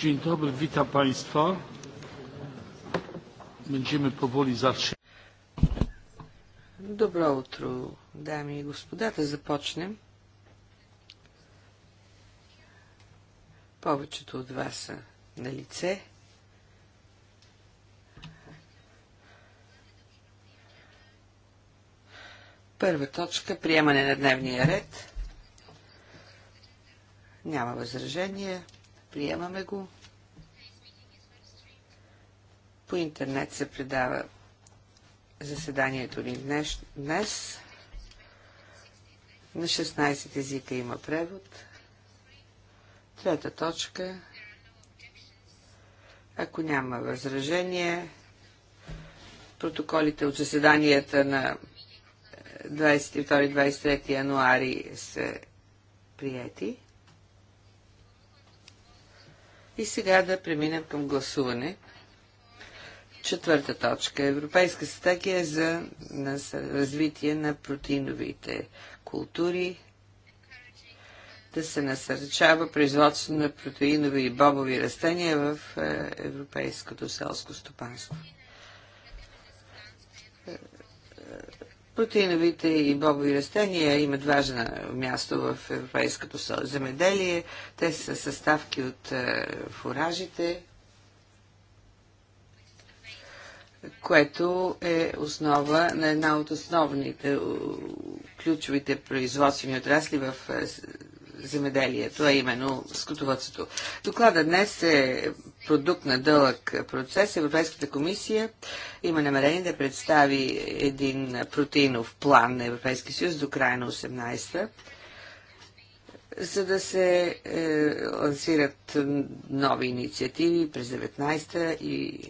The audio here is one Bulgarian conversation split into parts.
Dzień dobry, witam Państwa. Będziemy powoli zaczynać. Добро утро, дами и господа, да започнем. Повечето от вас са на лице. Първа точка – приемане на дневния ред. Няма възражение. Приемаме го. По интернет се предава заседанието ни днес. днес. На 16 езика има превод. Трета точка. Ако няма възражение, протоколите от заседанията на 22-23 януари са приети. И сега да преминем към гласуване. Четвърта точка. Европейска стратегия за развитие на протеиновите култури. Да се насърчава производство на протеинови и бобови растения в е, европейското селско стопанство. Протеиновите и бобови растения имат важно място в европейското земеделие. Те са съставки от е, фуражите, което е основа на една от основните ключовите производствени отрасли в е, земеделието, а именно скотоводството. Доклада днес е продукт на дълъг процес. Европейската комисия има намерение да представи един протеинов план на Европейския съюз до края на 18-та за да се е, лансират нови инициативи през 19-та и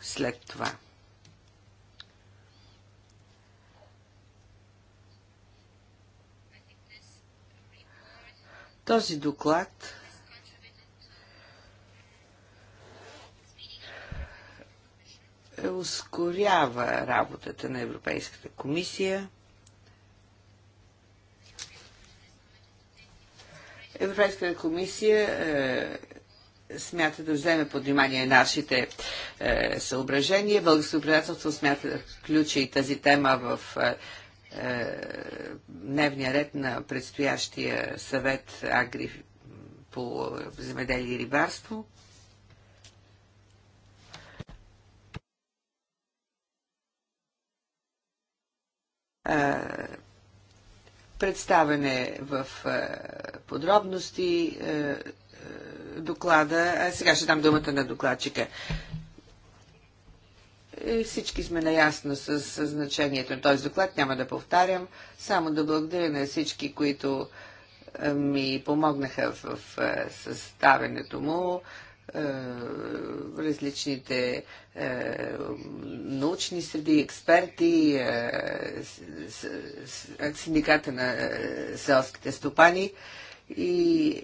след това. Този доклад е, ускорява работата на Европейската комисия. Европейската комисия е, смята да вземе под внимание нашите е, съображения. Българското председателство смята да включи и тази тема в е, е, дневния ред на предстоящия съвет Агри по земеделие и рибарство. Е, Представене в е, подробности доклада. сега ще дам думата на докладчика всички сме наясно с, с значението на този доклад, няма да повтарям, само да благодаря на всички, които е, ми помогнаха в, в е, съставянето му е, различните научни среди, експерти, синдиката на селските стопани и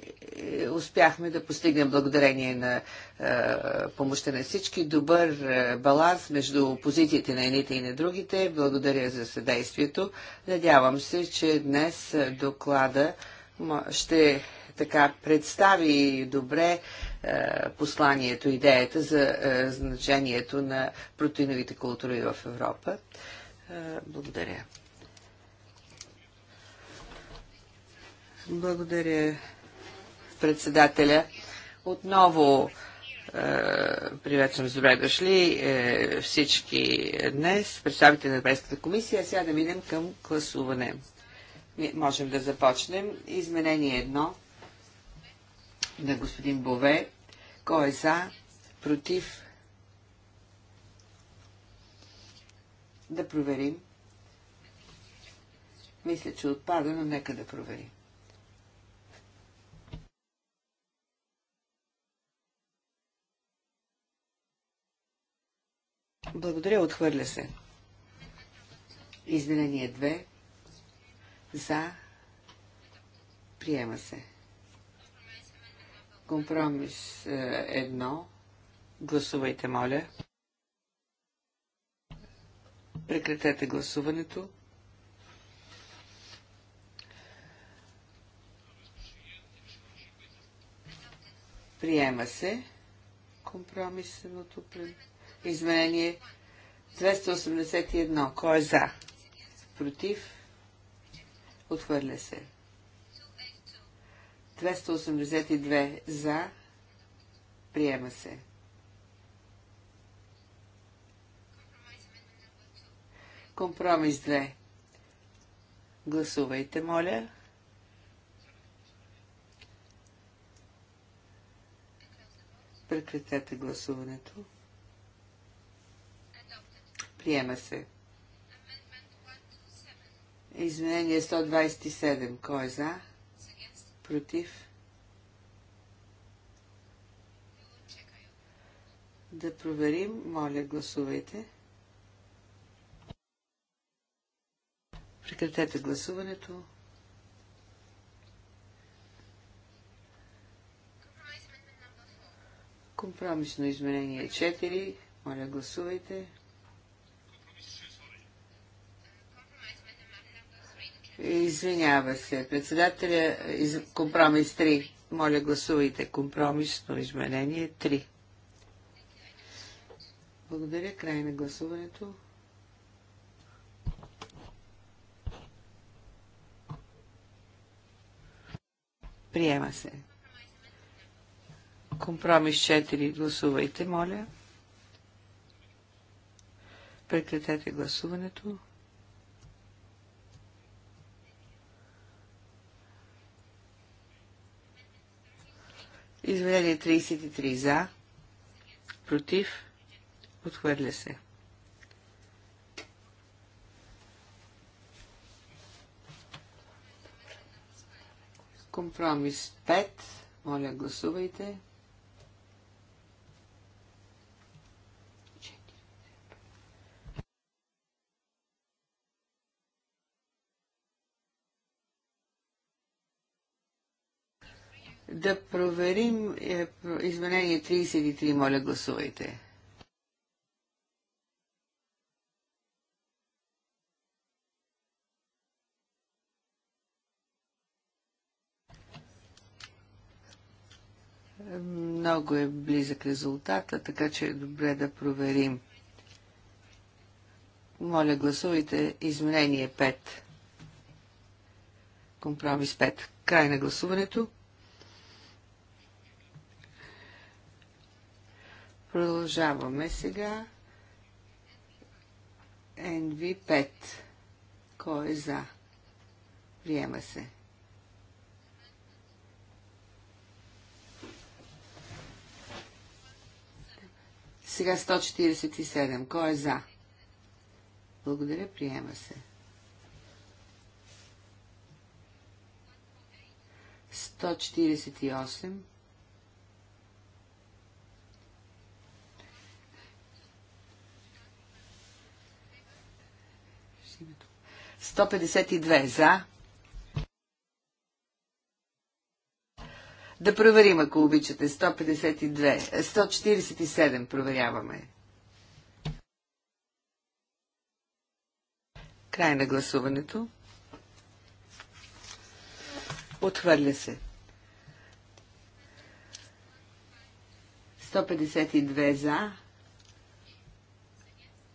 е, успяхме да постигнем благодарение на е, помощта на всички добър е, баланс между позициите на едните и на другите. Благодаря за съдействието. Надявам се, че днес доклада ще така представи добре посланието, идеята за значението на протеиновите култури в Европа. Благодаря. Благодаря, председателя. Отново е, приветствам с добре дошли е, всички днес, представители на Европейската комисия. Сега да минем към гласуване. можем да започнем. Изменение едно на господин Бове. Кой е за? Против? Да проверим. Мисля, че отпада, но нека да проверим. Благодаря, отхвърля се. Изделение 2. За. Приема се. Компромис 1. Е, Гласувайте, моля. Прекратете гласуването. Приема се компромисното предложение. Изменение 281. Кой е за? Против? Отвърля се. 282 за. Приема се. Компромис 2. Гласувайте, моля. Прекратете гласуването. Приема се. Изменение 127. Кой е за? Против? Да проверим. Моля, гласувайте. Прекратете гласуването. Компромисно изменение 4. Моля, гласувайте. Извинява се. Председателя, компромис 3. Моля, гласувайте компромисно изменение 3. Благодаря. Край на гласуването. Приема се. Компромис 4. Гласувайте, моля. Прекратете гласуването. Изведение 33 за, против, отхвърля се. Компромис 5. Моля, гласувайте. Да проверим е, изменение 33. Моля, гласувайте. Много е близък резултата, така че е добре да проверим. Моля, гласувайте изменение 5. Компромис 5. Край на гласуването. Продължаваме сега. NV5. Кой е за? Приема се. Сега 147. Кой е за? Благодаря, приема се. 148. 152 за. Да проверим, ако обичате. 152. 147 проверяваме. Край на гласуването. Отхвърля се. 152 за.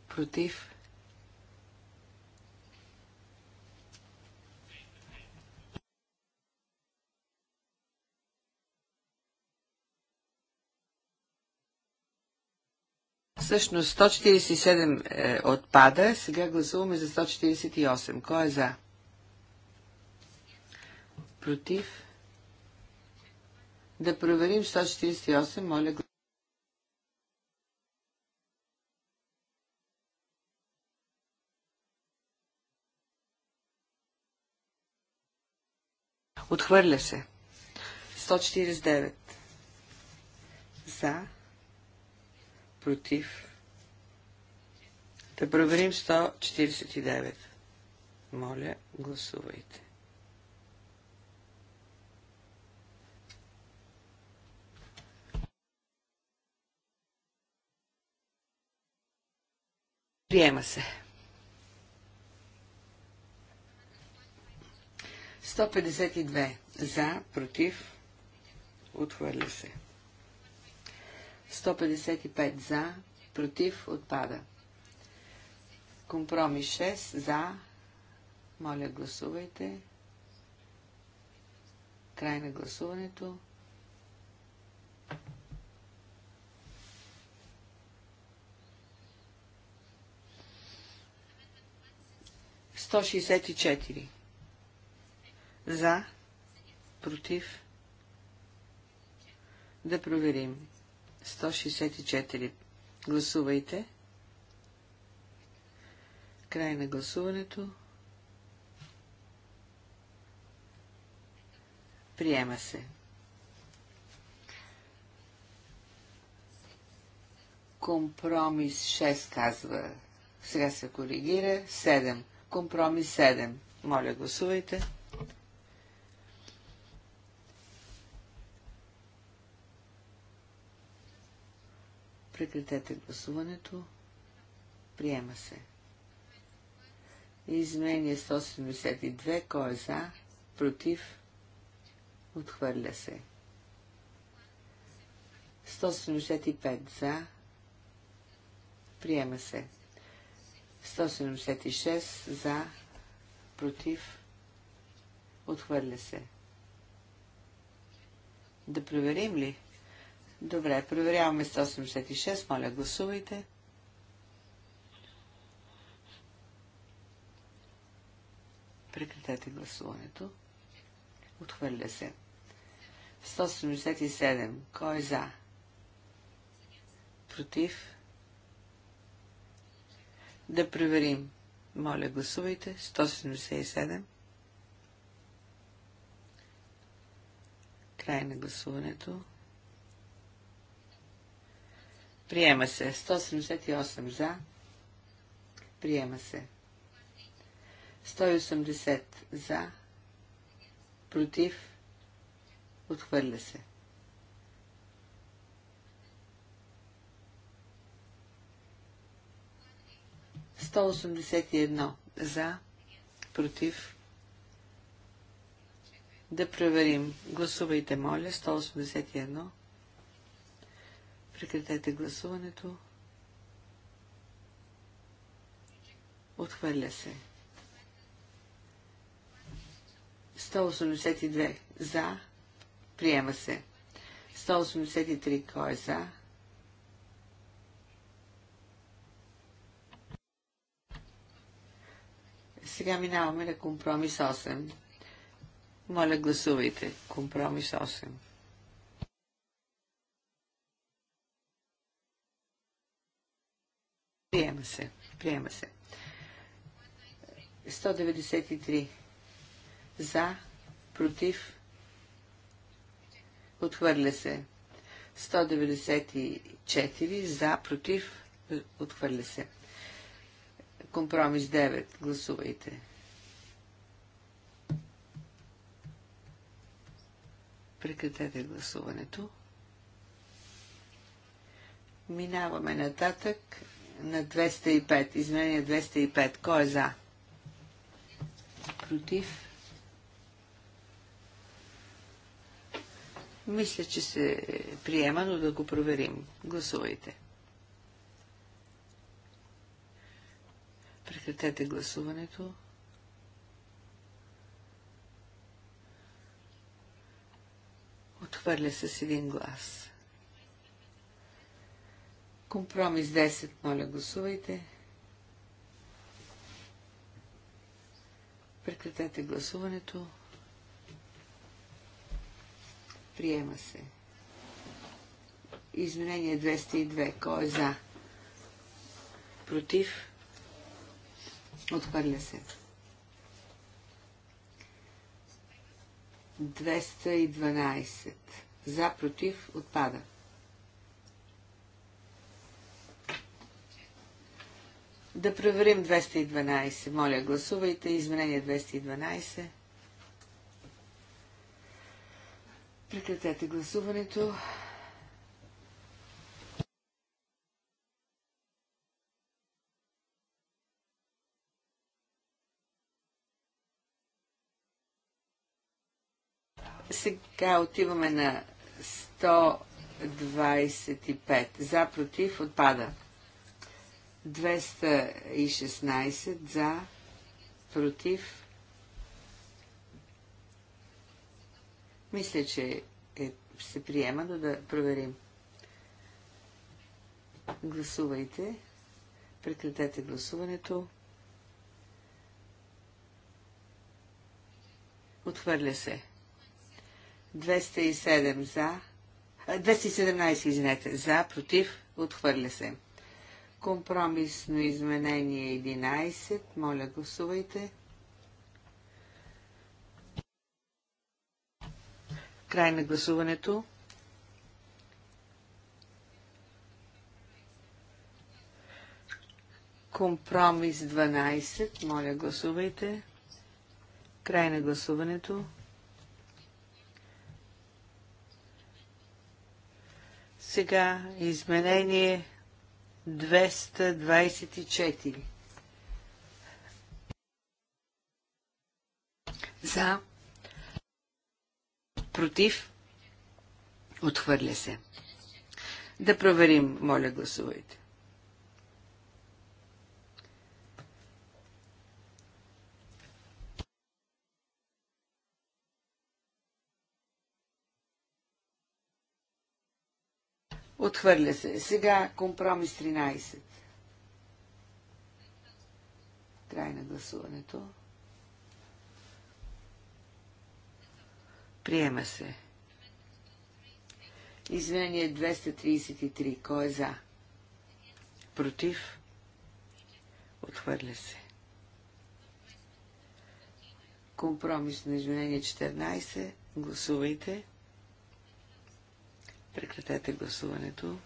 Против. Всъщност 147 е, отпада, сега гласуваме за 148. Кой е за? Против? Да проверим 148, моля. Отхвърля се. 149. За против. Да проверим 149. Моля, гласувайте. Приема се. 152. За, против, отхвърля се. 155 за, против, отпада. Компромис 6 за. Моля, гласувайте. Край на гласуването. За. Против. Да проверим. 164. Гласувайте. Край на гласуването. Приема се. Компромис 6 казва. Сега се коригира. 7. Компромис 7. Моля, гласувайте. Прекратете гласуването. Приема се. Изменение 172. Кой е за? Против? Отхвърля се. 175 за. Приема се. 176 за. Против? Отхвърля се. Да проверим ли? Добре, проверяваме 186. Моля, гласувайте. Прекратете гласуването. Отхвърля се. 177. Кой е за? Против? Да проверим. Моля, гласувайте. 177. Край на гласуването. Приема се. 178 за. Приема се. 180 за. Против. Отхвърля се. Сто осемдесет и едно за, против. Да проверим. Гласувайте, моля. Сто осемдесет и едно. Прекратете гласуването. Отхвърля се. 182 за. Приема се. 183 кой е за? Сега минаваме на компромис 8. Моля, гласувайте. Компромис 8. Приема се. Приема се. 193. За. Против. Отхвърля се. 194. За. Против. Отхвърля се. Компромис 9. Гласувайте. Прекратете гласуването. Минаваме нататък на 205. Изменение 205. Кой е за? Против? Мисля, че се приема, но да го проверим. Гласувайте. Прекратете гласуването. Отхвърля с един глас. Компромис 10, моля гласувайте. Прекратете гласуването. Приема се. Изменение 202. Кой е за? Против? Отхвърля се. 212. За, против, отпада. 213. Да проверим 212. Моля, гласувайте. Изменение 212. Прекратете гласуването. Сега отиваме на 125. За, против, отпада. 216 за, против. Мисля, че е, се приема, но да проверим. Гласувайте. Прекратете гласуването. Отхвърля се. 207 за. 217, извинете, за, против, отхвърля се. Компромисно изменение 11. Моля, гласувайте. Край на гласуването. Компромис 12. Моля, гласувайте. Край на гласуването. Сега изменение 224. За. Против. Отхвърля се. Да проверим, моля гласувайте. Отхвърля се. Сега компромис 13. Край на гласуването. Приема се. Извинение 233. Кой е за? Против? Отхвърля се. Компромис на изменение 14. Гласувайте. Прекратете гласуването.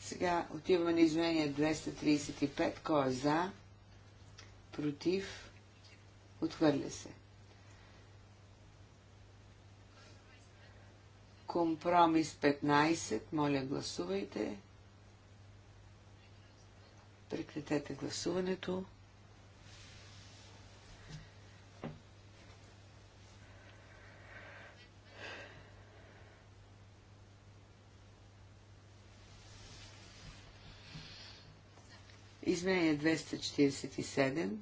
Сега отиваме на изменение 235. Кой е за? Против? Отхвърля се. Компромис 15. Моля, гласувайте. Прекратете гласуването. Изменение 247.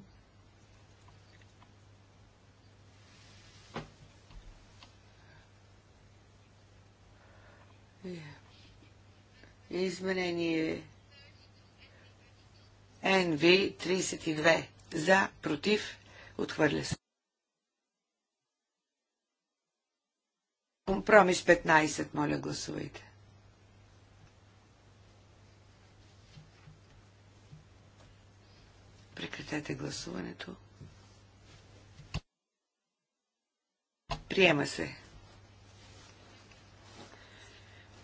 Изменение NV 32. За, против, отхвърля се. Компромис 15, моля гласувайте. Прекратете гласуването. Приема се.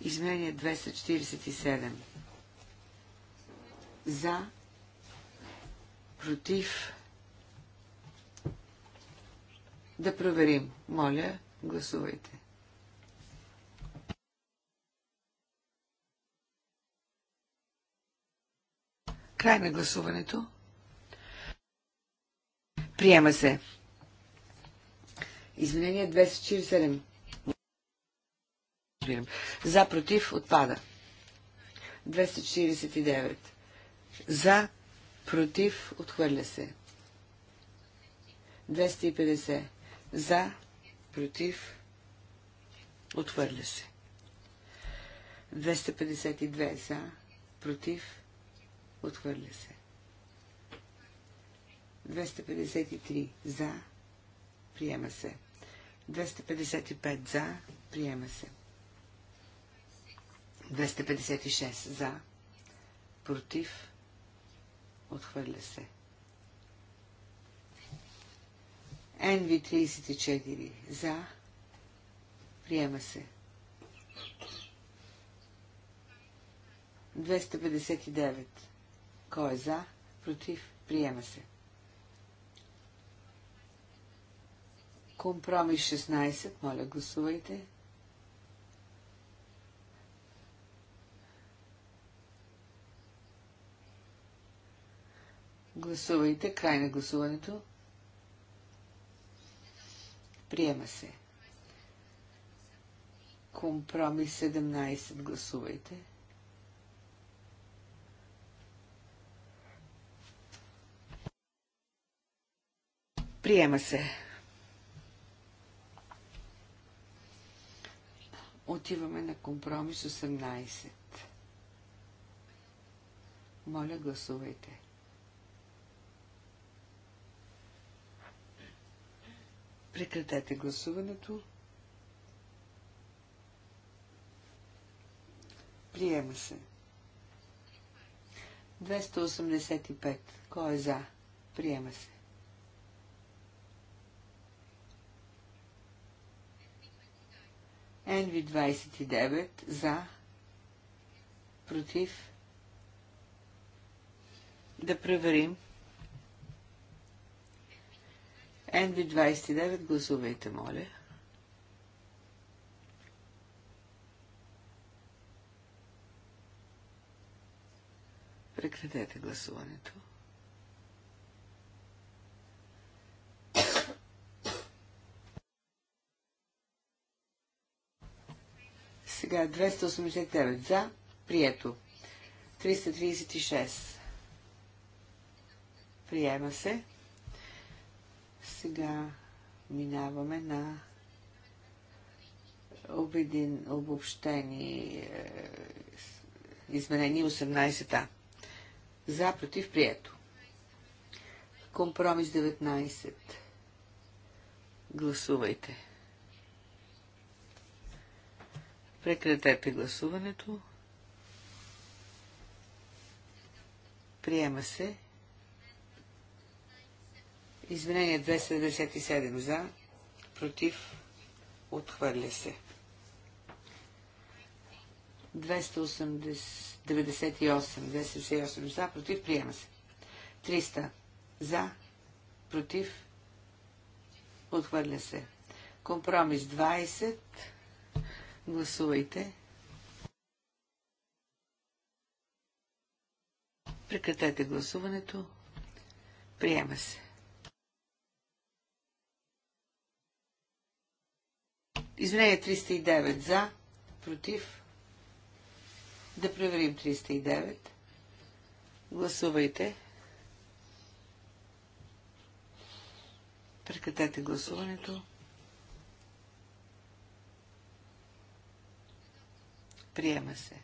Изменение 247. За. Против. Да проверим. Моля, гласувайте. Край на гласуването. Приема се. Извинение 247. За, против, отпада. 249. За, против, отхвърля се. 250. За, против, отхвърля се. 252. За, против, отхвърля се. 253 за. Приема се. 255 за. Приема се. 256 за. Против. Отхвърля се. NV34 за. Приема се. 259. Кой е за? Против? Приема се. 260. Компромис 16. Моля, гласувайте. Гласувайте. Край на гласуването. Приема се. Компромис 17. Гласувайте. Приема се. Отиваме на компромис 18. Моля, гласувайте. Прекратете гласуването. Приема се. 285. Кой е за? Приема се. Енви 29 за, против. Да проверим. Енви 29 гласувайте, моля. Прекратете гласуването. Сега 289 за, прието. 336. Приема се. Сега минаваме на обедин, обобщени е, изменени 18-та. За, против, прието. Компромис 19. Гласувайте. Прекратете гласуването. Приема се. Изменение 297 за, против, отхвърля се. 298, за, против, приема се. 300 за, против, отхвърля се. Компромис 20 Гласувайте. Прекратете гласуването. Приема се. Извинение 309 за, против. Да проверим 309. Гласувайте. Прекратете гласуването. Приема се.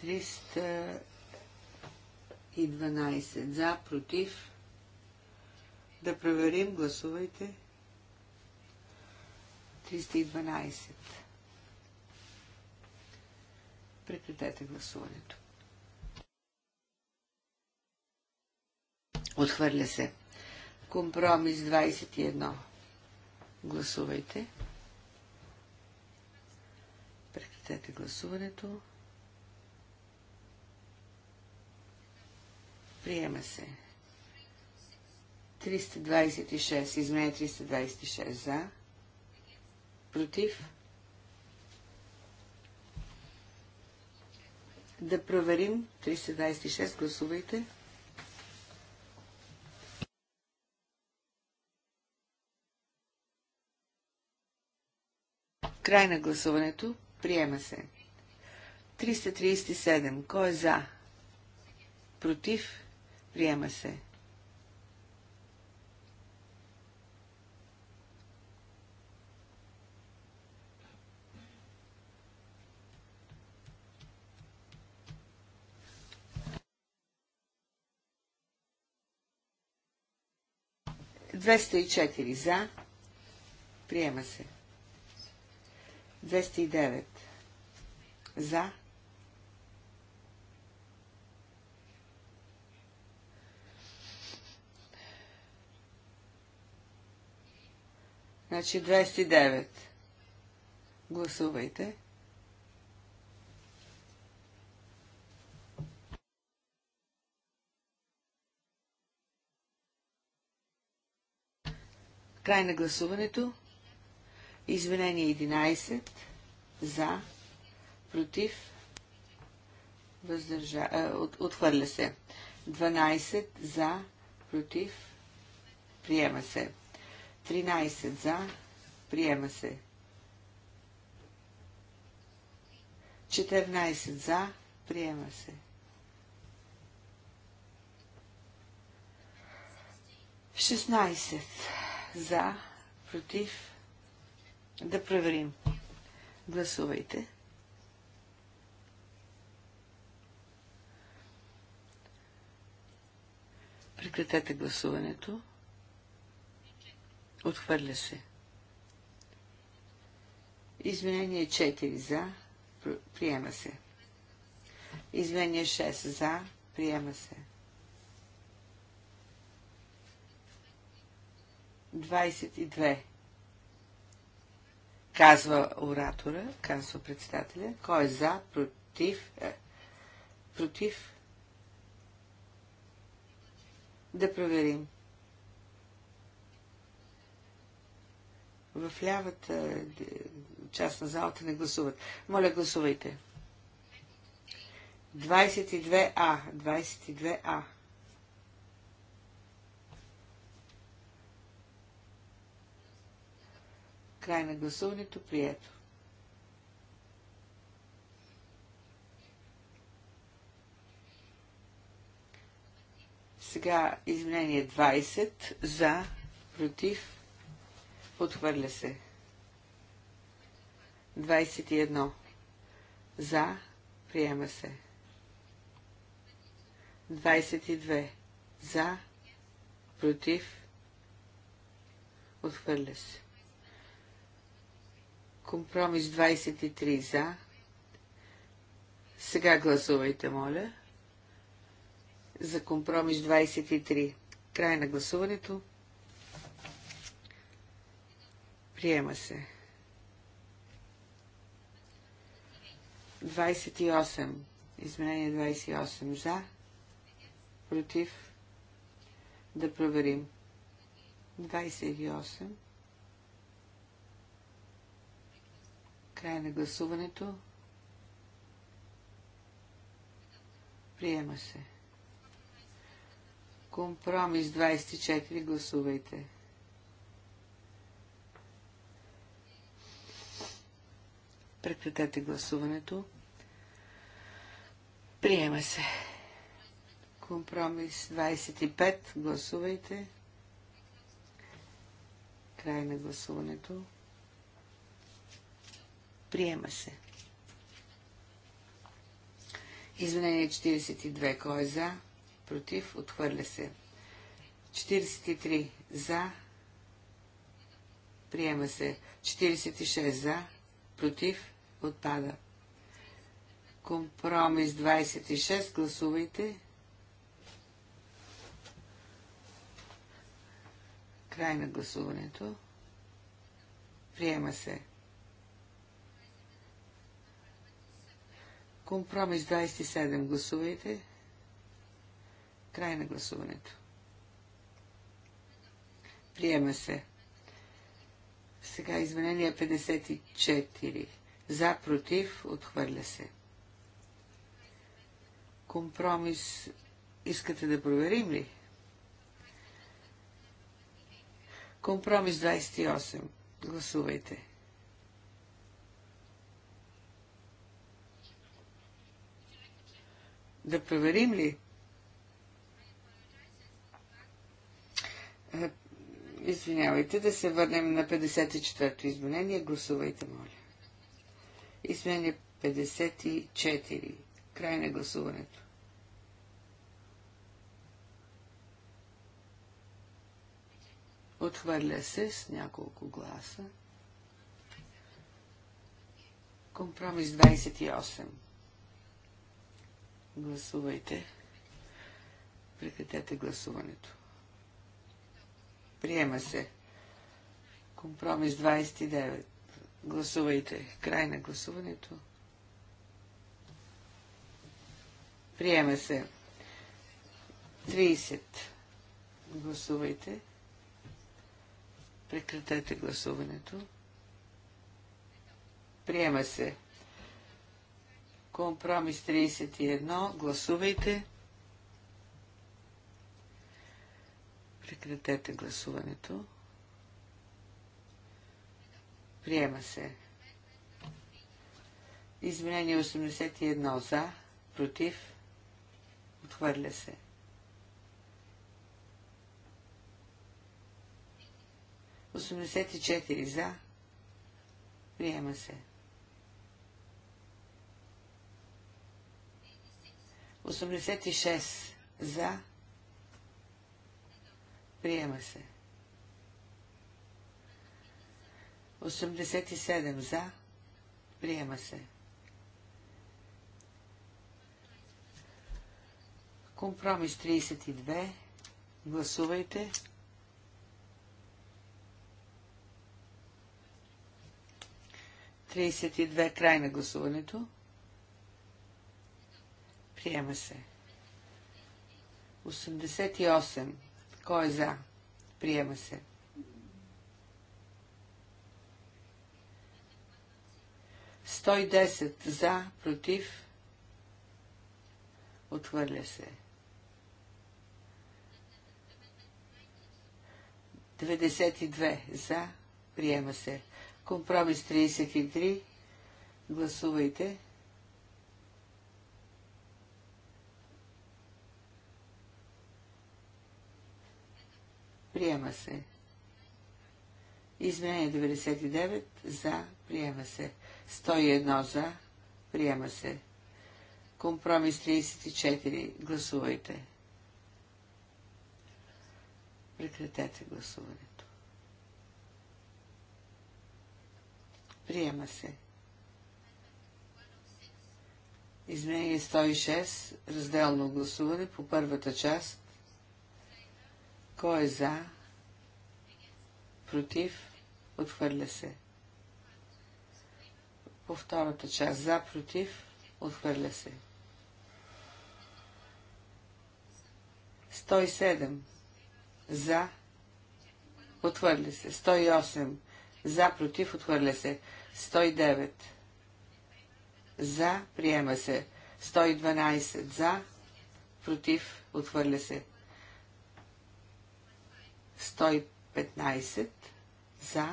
Триста и дванайсет. за, против. Да проверим, гласувайте. 312. Прекратете гласуването. Отхвърля се. Компромис 21. Гласувайте. Прекратете гласуването. Приема се. 326. Изменя 326 за. Против. Да проверим. 326. Гласувайте. 326. Край на гласуването. Приема се. 337. Кой е за? Против? Приема се. Двеста и четири за. Приема се. 209. За. Значи 209. Гласувайте. Край на гласуването. Извинение 11 за, против, въздържа, е, от, отхвърля се. 12 за, против, приема се. 13 за, приема се. 14 за, приема се. 16 за, против, да проверим. Гласувайте. Прекратете гласуването. Отхвърля се. Изменение 4 за. Приема се. Изменение 6 за. Приема се. 22 казва оратора, казва председателя. Кой е за, против, е, против? Да проверим. В лявата част на залата не гласуват. Моля, гласувайте. 22А. 22А. Край на гласуването. Прието. Сега изменение 20 за, против, отхвърля се. 21 за, приема се. 22 за, против, отхвърля се. Компромис 23 за. Сега гласувайте, моля. За компромис 23. Край на гласуването. Приема се. 28. Изменение 28. За. Против. Да проверим. 28. Край на гласуването. Приема се. Компромис 24. Гласувайте. Прекратете гласуването. Приема се. Компромис 25. Гласувайте. Край на гласуването. Приема се. Извинение 42. Кой е за? Против? Отхвърля се. 43. За? Приема се. 46. За? Против? Отпада. Компромис 26. Гласувайте. Край на гласуването. Приема се. Компромис 27. Гласувайте. Край на гласуването. Приема се. Сега изменение 54. За, против, отхвърля се. Компромис. Искате да проверим ли? Компромис 28. Гласувайте. Да проверим ли? Е, извинявайте, да се върнем на 54-то изменение. Гласувайте, моля. Изменение 54. Край на гласуването. Отхвърля се с няколко гласа. Компромис 28. Гласувайте. Прекратете гласуването. Приема се. Компромис 29. Гласувайте. Край на гласуването. Приема се. 30. Гласувайте. Прекратете гласуването. Приема се. Компромис 31. Гласувайте. Прекратете гласуването. Приема се. Изменение 81 за, против, отхвърля се. Осемдесет и четири за. Приема се. 86 за. Приема се. 87 за. Приема се. Компромис 32. Гласувайте. Тридесет и две край на гласуването. Приема се. 88. Кой е за? Приема се. Сто и десет за, против, отхвърля се. 92 за, приема се. Компромис 33, гласувайте. Приема се. Изменение 99 за. Приема се. 101 за. Приема се. Компромис 34. Гласувайте. Прекратете гласуването. Приема се. Изменение 106. Разделно гласуване по първата част. Кой е за? Против? Отхвърля се. По втората част. За, против? Отхвърля се. 107. За. Отхвърля се. 108. За, против? Отхвърля се. 109. За. Приема се. 112. За. Против? Отхвърля се. 115 за,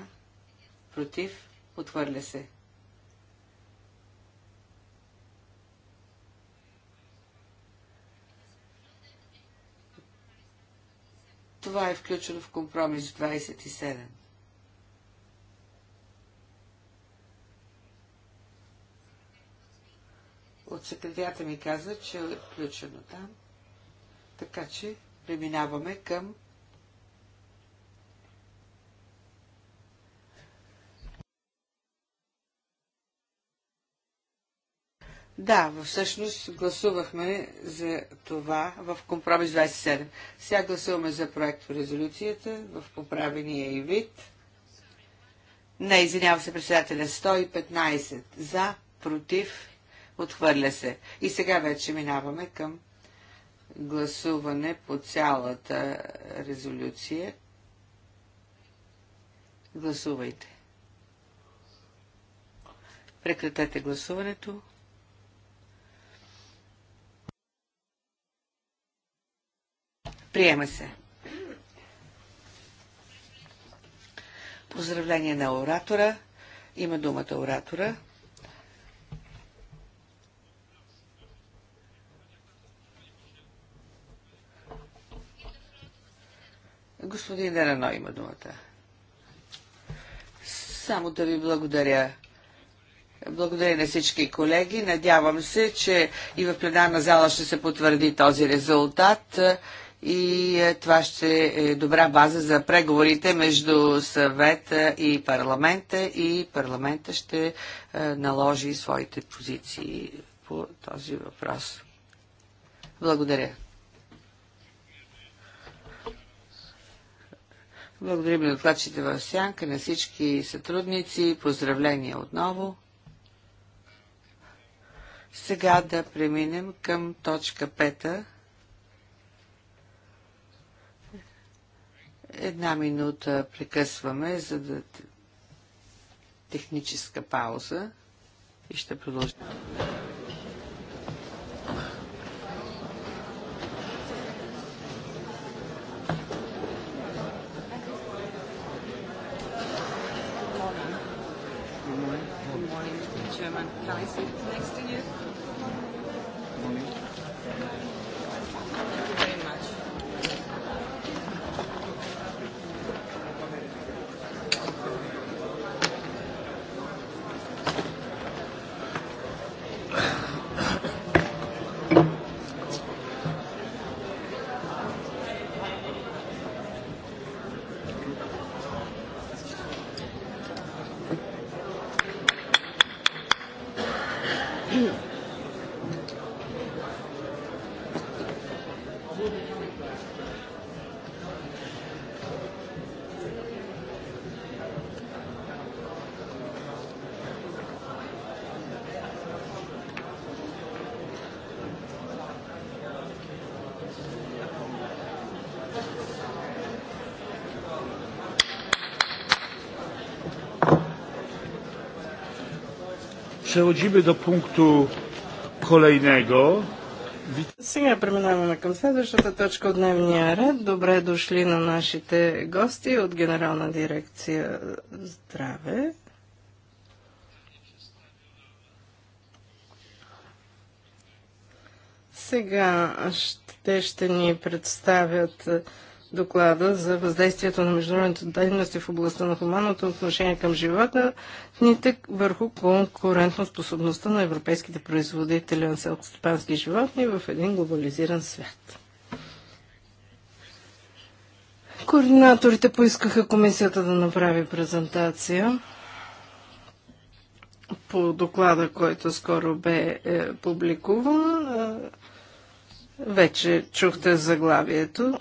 против, отвърля се. Това е включено в компромис 27. От секретарята ми каза, че е включено там. Така че преминаваме към Да, всъщност гласувахме за това в компромис 27. Сега гласуваме за проект в резолюцията в поправения и вид. Не, извинява се председателя, 115 за, против, отхвърля се. И сега вече минаваме към гласуване по цялата резолюция. Гласувайте. Прекратете гласуването. Приема се. Поздравление на оратора. Има думата оратора. Господин Дерано има думата. Само да ви благодаря. Благодаря на всички колеги. Надявам се, че и в пленарна зала ще се потвърди този резултат и е, това ще е добра база за преговорите между съвета и парламента и парламента ще е, наложи своите позиции по този въпрос. Благодаря. Благодарим на докладчите в Сянка, на всички сътрудници. Поздравления отново. Сега да преминем към точка пета Една минута прекъсваме, за да техническа пауза и ще продължим. Good morning, Chairman. Can I sit next to you? Good morning. Przechodzimy do punktu kolejnego. Сега преминаваме към следващата точка от дневния ред. Добре дошли на нашите гости от Генерална дирекция Здраве. Сега те ще ни представят доклада за въздействието на международните дейности в областта на хуманното отношение към живота ните върху конкурентно способността на европейските производители на селскостопански животни в един глобализиран свят. Координаторите поискаха комисията да направи презентация по доклада, който скоро бе е, публикуван. Е, вече чухте заглавието.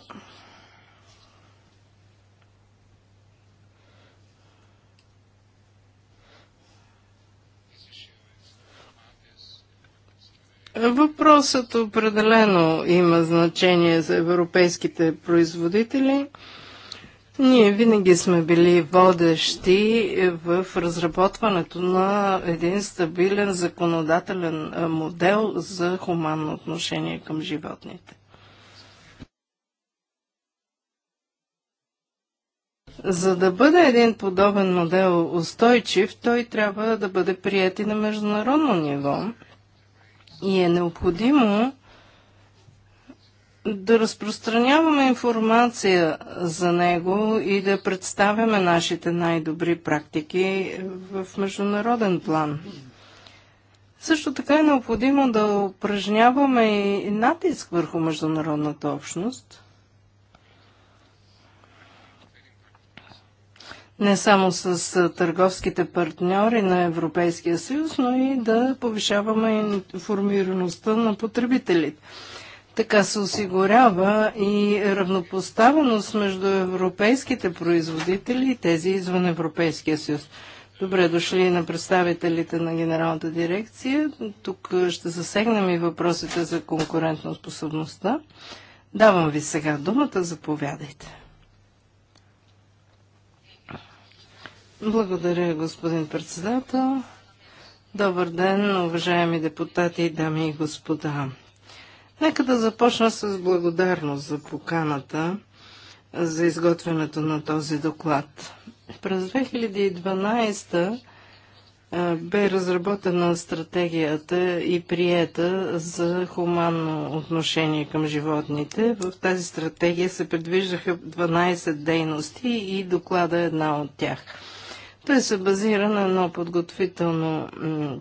Въпросът определено има значение за европейските производители. Ние винаги сме били водещи в разработването на един стабилен законодателен модел за хуманно отношение към животните. За да бъде един подобен модел устойчив, той трябва да бъде прият и на международно ниво. И е необходимо да разпространяваме информация за него и да представяме нашите най-добри практики в международен план. Също така е необходимо да упражняваме и натиск върху международната общност – не само с търговските партньори на Европейския съюз, но и да повишаваме информираността на потребителите. Така се осигурява и равнопоставеност между европейските производители и тези извън Европейския съюз. Добре дошли на представителите на Генералната дирекция. Тук ще засегнем и въпросите за конкурентоспособността. Давам ви сега думата, заповядайте. Благодаря, господин председател. Добър ден, уважаеми депутати, дами и господа. Нека да започна с благодарност за поканата за изготвянето на този доклад. През 2012 бе разработена стратегията и приета за хуманно отношение към животните. В тази стратегия се предвиждаха 12 дейности и доклада е една от тях – той се базира на едно подготвително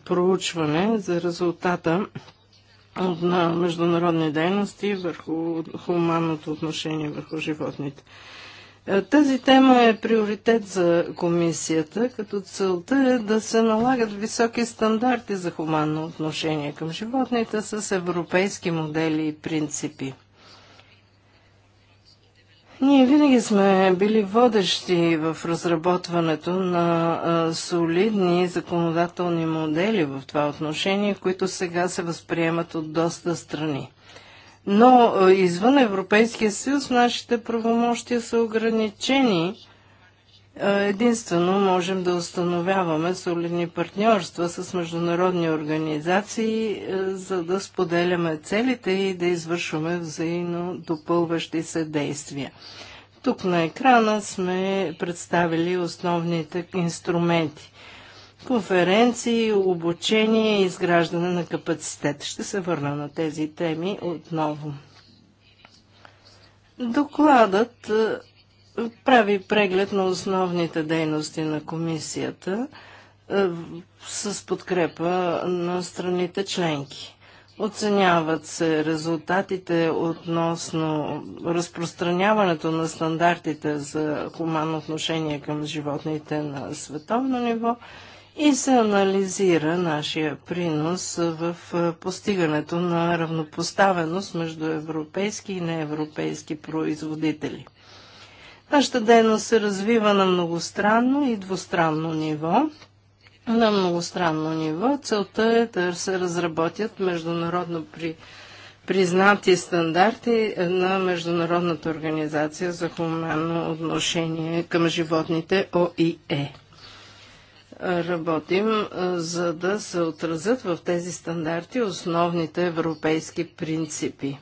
проучване за резултата на международни дейности върху хуманното отношение върху животните. Е, тази тема е приоритет за комисията, като целта е да се налагат високи стандарти за хуманно отношение към животните с европейски модели и принципи. Ние винаги сме били водещи в разработването на солидни законодателни модели в това отношение, които сега се възприемат от доста страни. Но извън Европейския съюз нашите правомощия са ограничени е, единствено можем да установяваме солидни партньорства с международни организации, е, за да споделяме целите и да извършваме взаимно допълващи се действия. Тук на екрана сме представили основните инструменти. Конференции, обучение и изграждане на капацитет. Ще се върна на тези теми отново. Докладът е, прави преглед на основните дейности на комисията е, с подкрепа на страните членки. Оценяват се резултатите относно разпространяването на стандартите за хуманно отношение към животните на световно ниво и се анализира нашия принос в е, постигането на равнопоставеност между европейски и неевропейски производители – Нашата дейност се развива на многостранно и двустранно ниво. На многостранно ниво целта е да се разработят международно при признати стандарти на Международната организация за хуманно отношение към животните ОИЕ. Работим за да се отразят в тези стандарти основните европейски принципи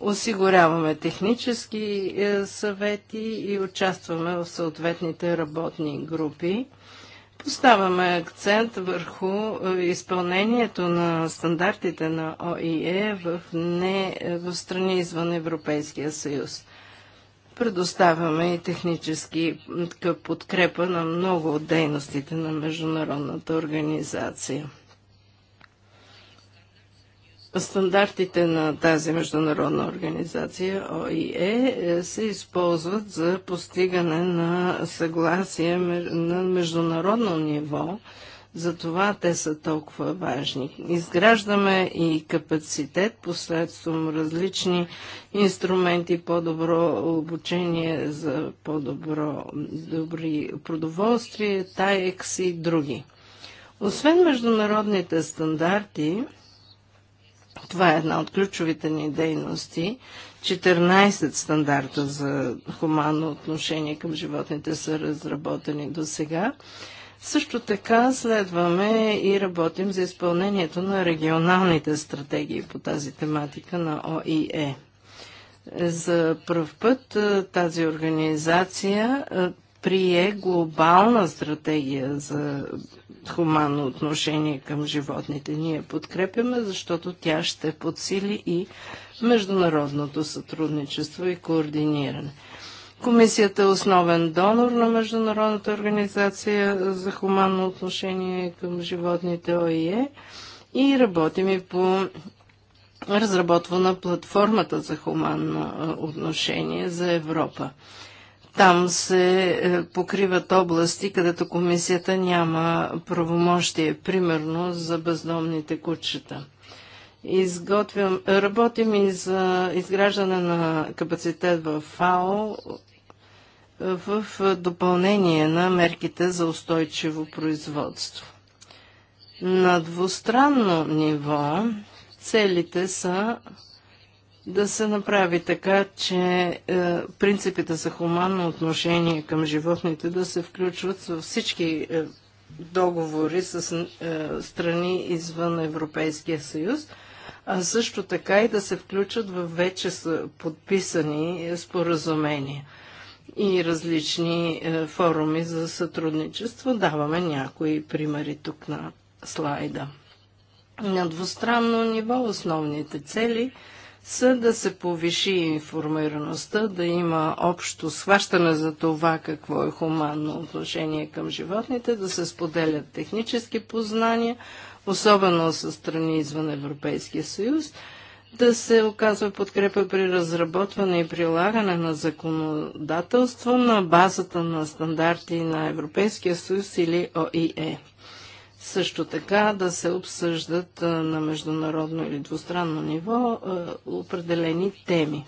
осигуряваме технически е, съвети и участваме в съответните работни групи. Поставяме акцент върху е, изпълнението на стандартите на ОИЕ в, не, е, в страни извън Европейския съюз. Предоставяме и технически подкрепа на много от дейностите на Международната организация. Стандартите на тази международна организация ОИЕ е, се използват за постигане на съгласие на международно ниво. Затова те са толкова важни. Изграждаме и капацитет посредством различни инструменти, по-добро обучение за по-добро добри продоволствие, тайекс и други. Освен международните стандарти, това е една от ключовите ни дейности. 14 стандарта за хуманно отношение към животните са разработени до сега. Също така следваме и работим за изпълнението на регионалните стратегии по тази тематика на ОИЕ. За първ път тази организация прие глобална стратегия за хуманно отношение към животните. Ние подкрепяме, защото тя ще подсили и международното сътрудничество и координиране. Комисията е основен донор на Международната организация за хуманно отношение към животните ОИЕ и работим и по разработване на платформата за хуманно отношение за Европа. Там се е, покриват области, където комисията няма правомощие, примерно за бездомните кучета. Изготвям, работим и за изграждане на капацитет в ФАО в допълнение на мерките за устойчиво производство. На двустранно ниво целите са да се направи така, че е, принципите за хуманно отношение към животните да се включват във всички е, договори с е, страни извън Европейския съюз, а също така и да се включат в вече подписани е, споразумения и различни е, форуми за сътрудничество. Даваме някои примери тук на слайда. На двустранно ниво основните цели – са да се повиши информираността, да има общо схващане за това какво е хуманно отношение към животните, да се споделят технически познания, особено с страни извън Европейския съюз, да се оказва подкрепа при разработване и прилагане на законодателство на базата на стандарти на Европейския съюз или ОИЕ. Също така да се обсъждат на международно или двустранно ниво определени теми.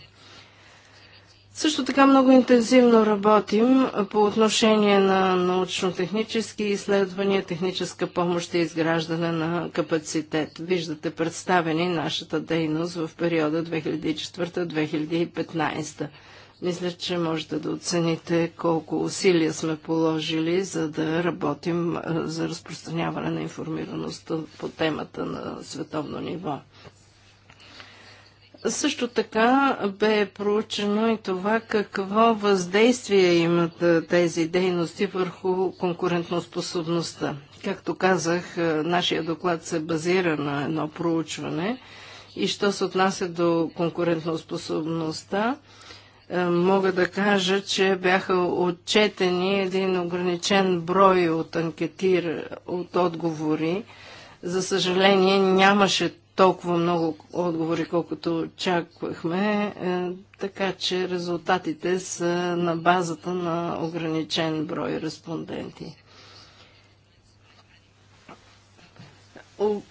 Също така много интензивно работим по отношение на научно-технически изследвания, техническа помощ и изграждане на капацитет. Виждате представени нашата дейност в периода 2004-2015. Мисля, че можете да оцените колко усилия сме положили, за да работим за разпространяване на информираността по темата на световно ниво. Също така бе проучено и това какво въздействие имат тези дейности върху конкурентноспособността. Както казах, нашия доклад се базира на едно проучване и що се отнася до конкурентноспособността, е, мога да кажа, че бяха отчетени един ограничен брой от анкетир, от отговори. За съжаление нямаше толкова много отговори, колкото очаквахме, е, така че резултатите са на базата на ограничен брой респонденти.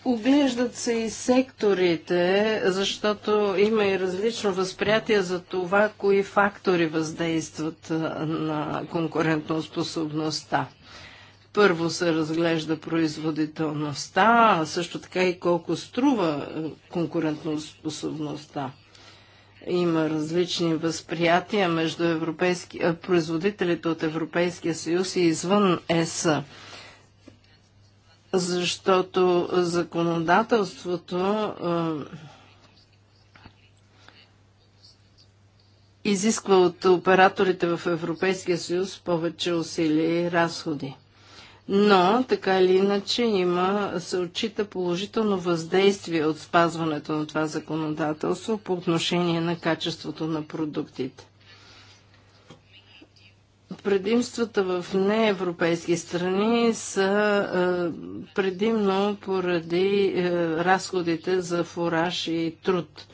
Оглеждат се и секторите, защото има и различно възприятие за това, кои фактори въздействат на конкурентоспособността. Първо се разглежда производителността, а също така и колко струва конкурентоспособността. Има различни възприятия между производителите от Европейския съюз и извън ЕС защото законодателството изисква от операторите в Европейския съюз повече усилия и разходи. Но, така или иначе, има, се отчита положително въздействие от спазването на това законодателство по отношение на качеството на продуктите. Предимствата в неевропейски страни са е, предимно поради е, разходите за фураж и труд,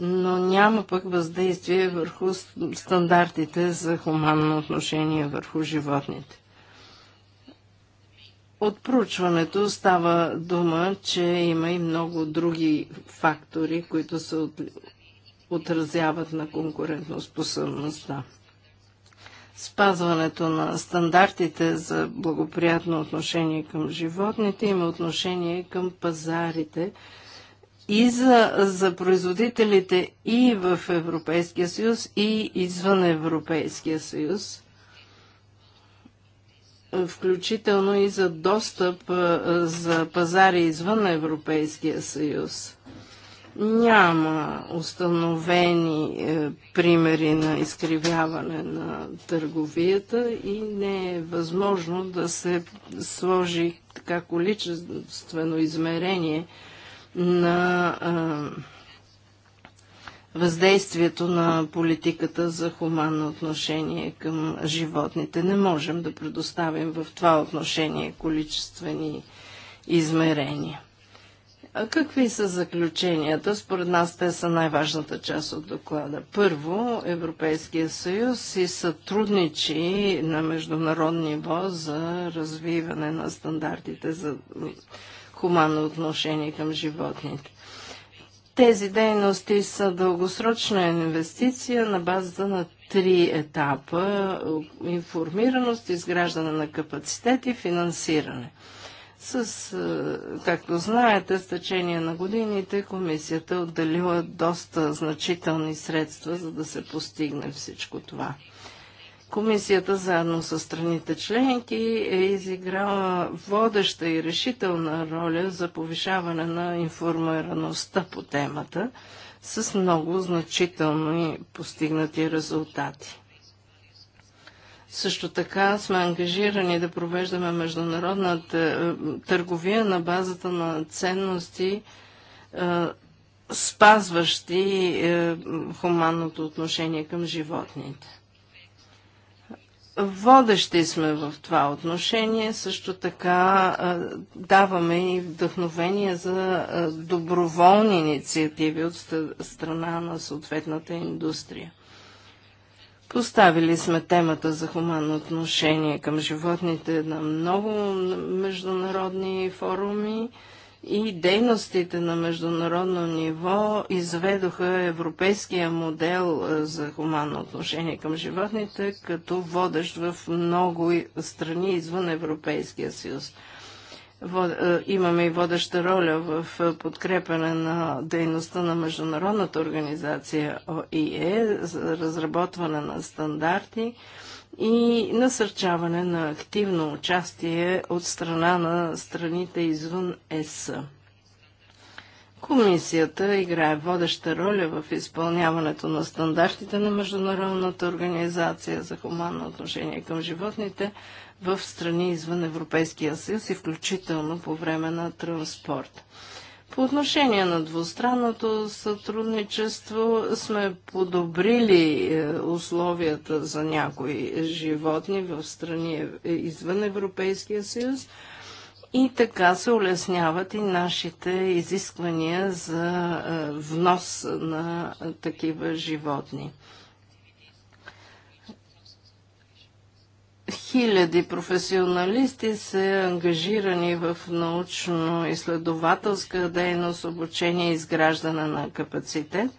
но няма пък въздействие върху стандартите за хуманно отношение върху животните. От проучването става дума, че има и много други фактори, които се отразяват на конкурентоспособността. способността спазването на стандартите за благоприятно отношение към животните, има отношение към пазарите и за, за производителите и в Европейския съюз, и извън Европейския съюз, включително и за достъп за пазари извън Европейския съюз. Няма установени е, примери на изкривяване на търговията и не е възможно да се сложи така количествено измерение на е, въздействието на политиката за хуманно отношение към животните. Не можем да предоставим в това отношение количествени измерения. Какви са заключенията? Според нас те са най-важната част от доклада. Първо, Европейския съюз си сътрудничи на международни ниво за развиване на стандартите за хуманно отношение към животните. Тези дейности са дългосрочна инвестиция на базата на три етапа – информираност, изграждане на капацитет и финансиране – с, е, както знаете, с течение на годините комисията е отделила доста значителни средства, за да се постигне всичко това. Комисията заедно с страните членки е изиграла водеща и решителна роля за повишаване на информираността по темата с много значителни постигнати резултати. Също така сме ангажирани да провеждаме международна е, търговия на базата на ценности, е, спазващи е, хуманното отношение към животните. Водещи сме в това отношение, също така даваме и вдъхновение за доброволни инициативи от страна на съответната индустрия. Поставили сме темата за хуманно отношение към животните на много международни форуми и дейностите на международно ниво изведоха европейския модел за хуманно отношение към животните като водещ в много страни извън Европейския съюз. Е, имаме и водеща роля в е, подкрепене на дейността на Международната организация ОИЕ за разработване на стандарти и насърчаване на активно участие от страна на страните извън ЕС. Комисията играе водеща роля в изпълняването на стандартите на Международната организация за хуманно отношение към животните – в страни извън Европейския съюз и включително по време на транспорт. По отношение на двустранното сътрудничество сме подобрили е, условията за някои животни в страни е, извън Европейския съюз и така се улесняват и нашите изисквания за е, внос на такива животни. хиляди професионалисти са ангажирани в научно-изследователска дейност, обучение и изграждане на капацитет.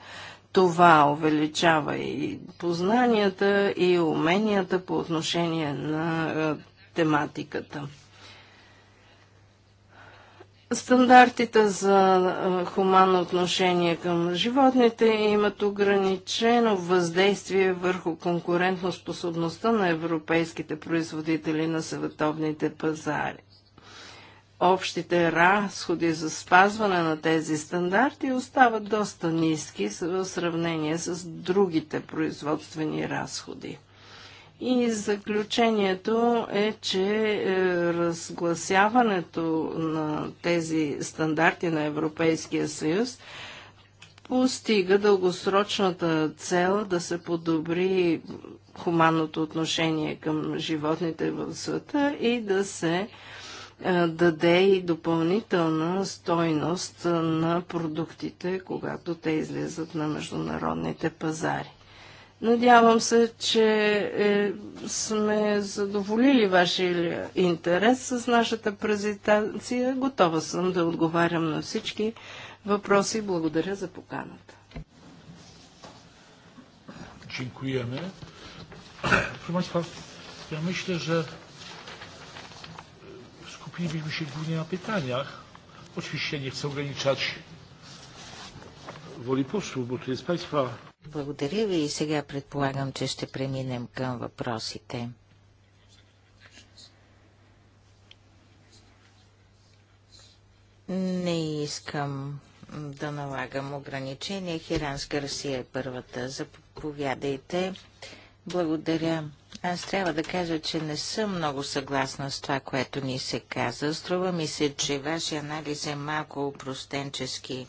Това увеличава и познанията, и уменията по отношение на тематиката. Стандартите за хуманно отношение към животните имат ограничено въздействие върху конкурентоспособността на европейските производители на световните пазари. Общите разходи за спазване на тези стандарти остават доста ниски в сравнение с другите производствени разходи. И заключението е, че е, разгласяването на тези стандарти на Европейския съюз постига дългосрочната цел да се подобри хуманното отношение към животните в света и да се е, даде и допълнителна стойност на продуктите, когато те излизат на международните пазари. Надявам се, че е, сме задоволили вашия интерес с нашата презентация. Готова съм да отговарям на всички въпроси. Благодаря за поканата. Dziękujemy. Proszę Państwa, ja myślę, że skupilibyśmy się głównie na pytaniach. Oczywiście nie chcę ograniczać woli posłów, bo to jest Państwa благодаря ви и сега предполагам, че ще преминем към въпросите. Не искам да налагам ограничения. Хиранс Гарсия е първата. Заповядайте. Благодаря. Аз трябва да кажа, че не съм много съгласна с това, което ни се каза. Струва ми се, че вашия анализ е малко упростенчески.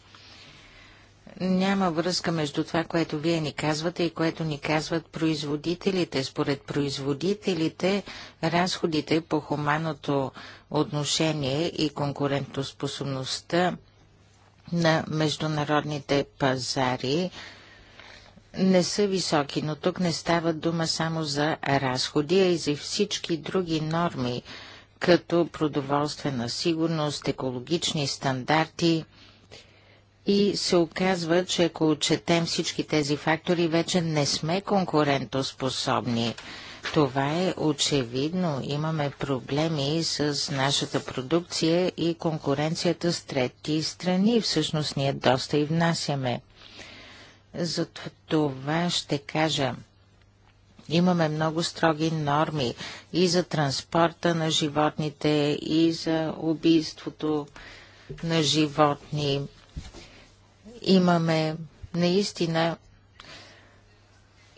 Няма връзка между това, което вие ни казвате и което ни казват производителите. Според производителите, разходите по хуманото отношение и конкурентоспособността на международните пазари не са високи, но тук не става дума само за разходи, а и за всички други норми, като продоволствена сигурност, екологични стандарти – и се оказва, че ако отчетем всички тези фактори, вече не сме конкурентоспособни. Това е очевидно. Имаме проблеми с нашата продукция и конкуренцията с трети страни. Всъщност ние доста и внасяме. За това ще кажа. Имаме много строги норми и за транспорта на животните, и за убийството на животни. Имаме наистина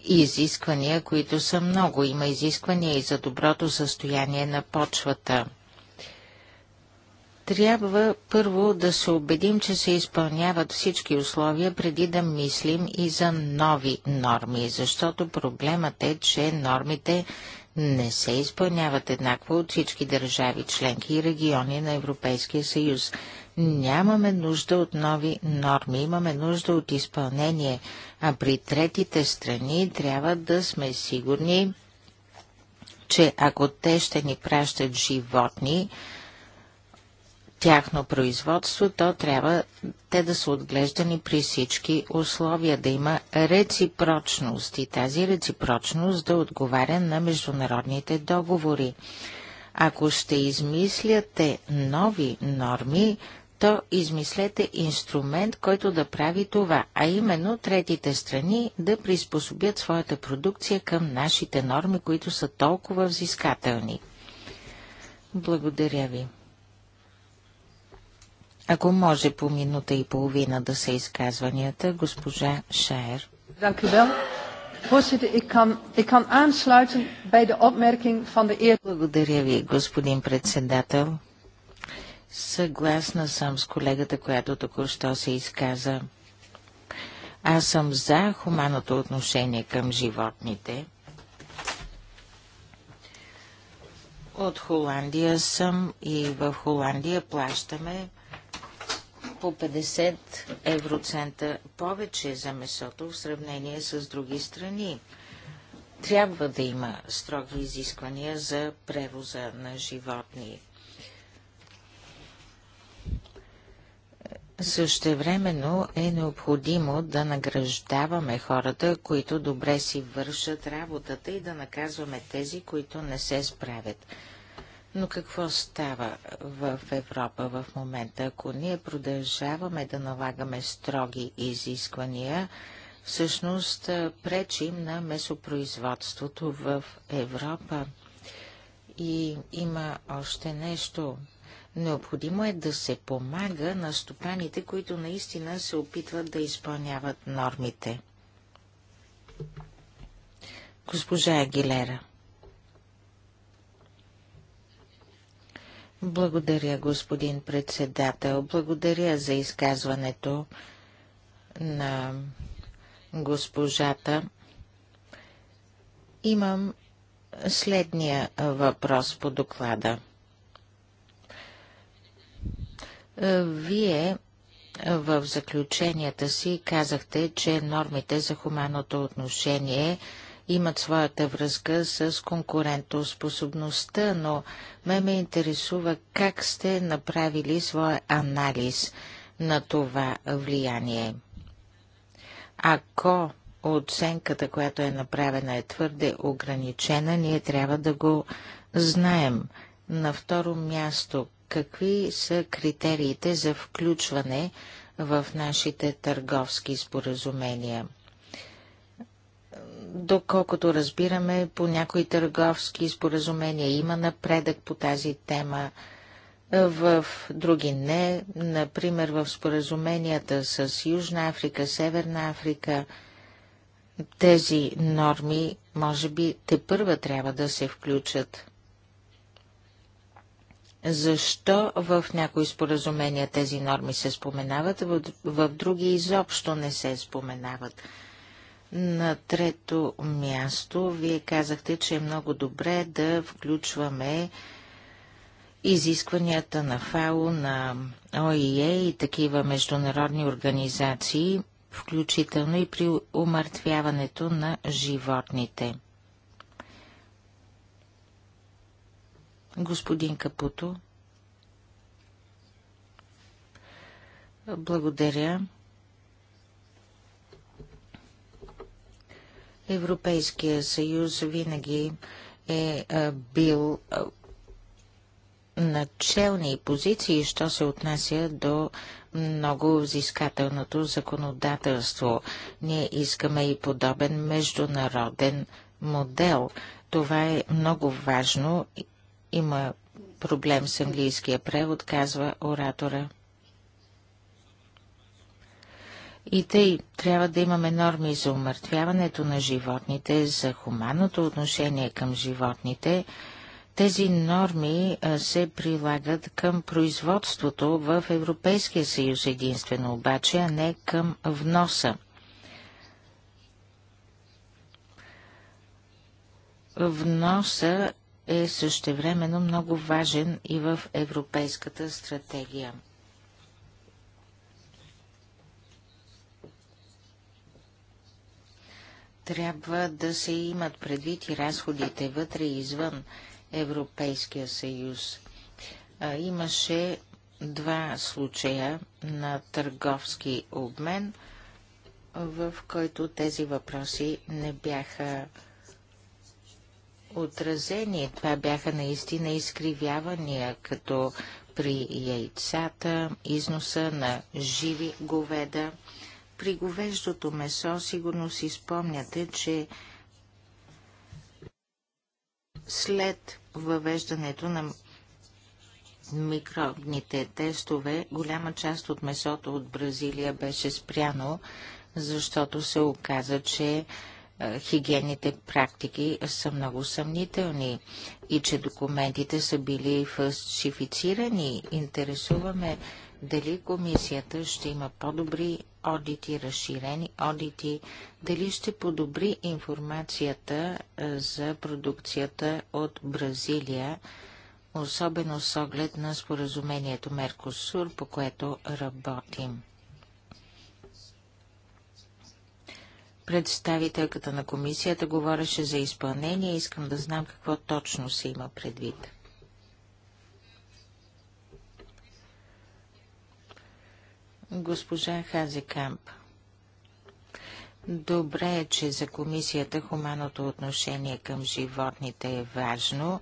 изисквания, които са много. Има изисквания и за доброто състояние на почвата. Трябва първо да се убедим, че се изпълняват всички условия, преди да мислим и за нови норми, защото проблемът е, че нормите не се изпълняват еднакво от всички държави, членки и региони на Европейския съюз. Нямаме нужда от нови норми, имаме нужда от изпълнение, а при третите страни трябва да сме сигурни, че ако те ще ни пращат животни, тяхно производство, то трябва те да са отглеждани при всички условия, да има реципрочност и тази реципрочност да отговаря на международните договори. Ако ще измисляте нови норми, то измислете инструмент, който да прави това, а именно третите страни да приспособят своята продукция към нашите норми, които са толкова взискателни. Благодаря ви. Ако може по минута и половина да са изказванията, госпожа Шаер. Благодаря ви, господин председател. Съгласна съм с колегата, която току-що се изказа. Аз съм за хуманото отношение към животните. От Холандия съм и в Холандия плащаме по 50 евроцента повече за месото в сравнение с други страни. Трябва да има строги изисквания за превоза на животни. Същевременно е необходимо да награждаваме хората, които добре си вършат работата и да наказваме тези, които не се справят. Но какво става в Европа в момента? Ако ние продължаваме да налагаме строги изисквания, всъщност пречим на месопроизводството в Европа. И има още нещо. Необходимо е да се помага на стопаните, които наистина се опитват да изпълняват нормите. Госпожа Агилера Благодаря, господин председател. Благодаря за изказването на госпожата. Имам следния въпрос по доклада. Е, вие е, в заключенията си казахте, че нормите за хуманното отношение имат своята връзка с конкурентоспособността, но ме ме интересува как сте направили своя анализ на това влияние. Ако оценката, която е направена е твърде ограничена, ние трябва да го знаем. На второ място, какви са критериите за включване в нашите търговски споразумения. Доколкото разбираме, по някои търговски споразумения има напредък по тази тема, в други не, например в споразуменията с Южна Африка, Северна Африка, тези норми може би те първа трябва да се включат. Защо в някои споразумения тези норми се споменават, в, в други изобщо не се споменават? На трето място, вие казахте, че е много добре да включваме изискванията на ФАО, на ОИЕ и такива международни организации, включително и при умъртвяването на животните – Господин Капуто. Благодаря. Европейския съюз винаги е, е бил е, челни позиции, що се отнася до много взискателното законодателство. Ние искаме и подобен международен модел. Това е много важно има проблем с английския превод, казва оратора. И тъй трябва да имаме норми за умъртвяването на животните, за хуманното отношение към животните. Тези норми се прилагат към производството в Европейския съюз единствено обаче, а не към вноса. Вноса е същевременно много важен и в Европейската стратегия. Трябва да се имат предвид и разходите вътре и извън Европейския съюз. А, имаше два случая на търговски обмен, в който тези въпроси не бяха отразени. Това бяха наистина изкривявания, като при яйцата, износа на живи говеда. При говеждото месо сигурно си спомняте, че след въвеждането на микробните тестове, голяма част от месото от Бразилия беше спряно, защото се оказа, че е, хигиенните практики са много съмнителни и че документите са били фалшифицирани. Интересуваме дали комисията ще има по-добри одити, разширени одити, дали ще подобри информацията е, за продукцията от Бразилия, особено с оглед на споразумението Меркосур, по което работим. Представителката на комисията говореше за изпълнение. Искам да знам какво точно се има предвид. Госпожа Хазекамп. Добре е, че за комисията хуманото отношение към животните е важно,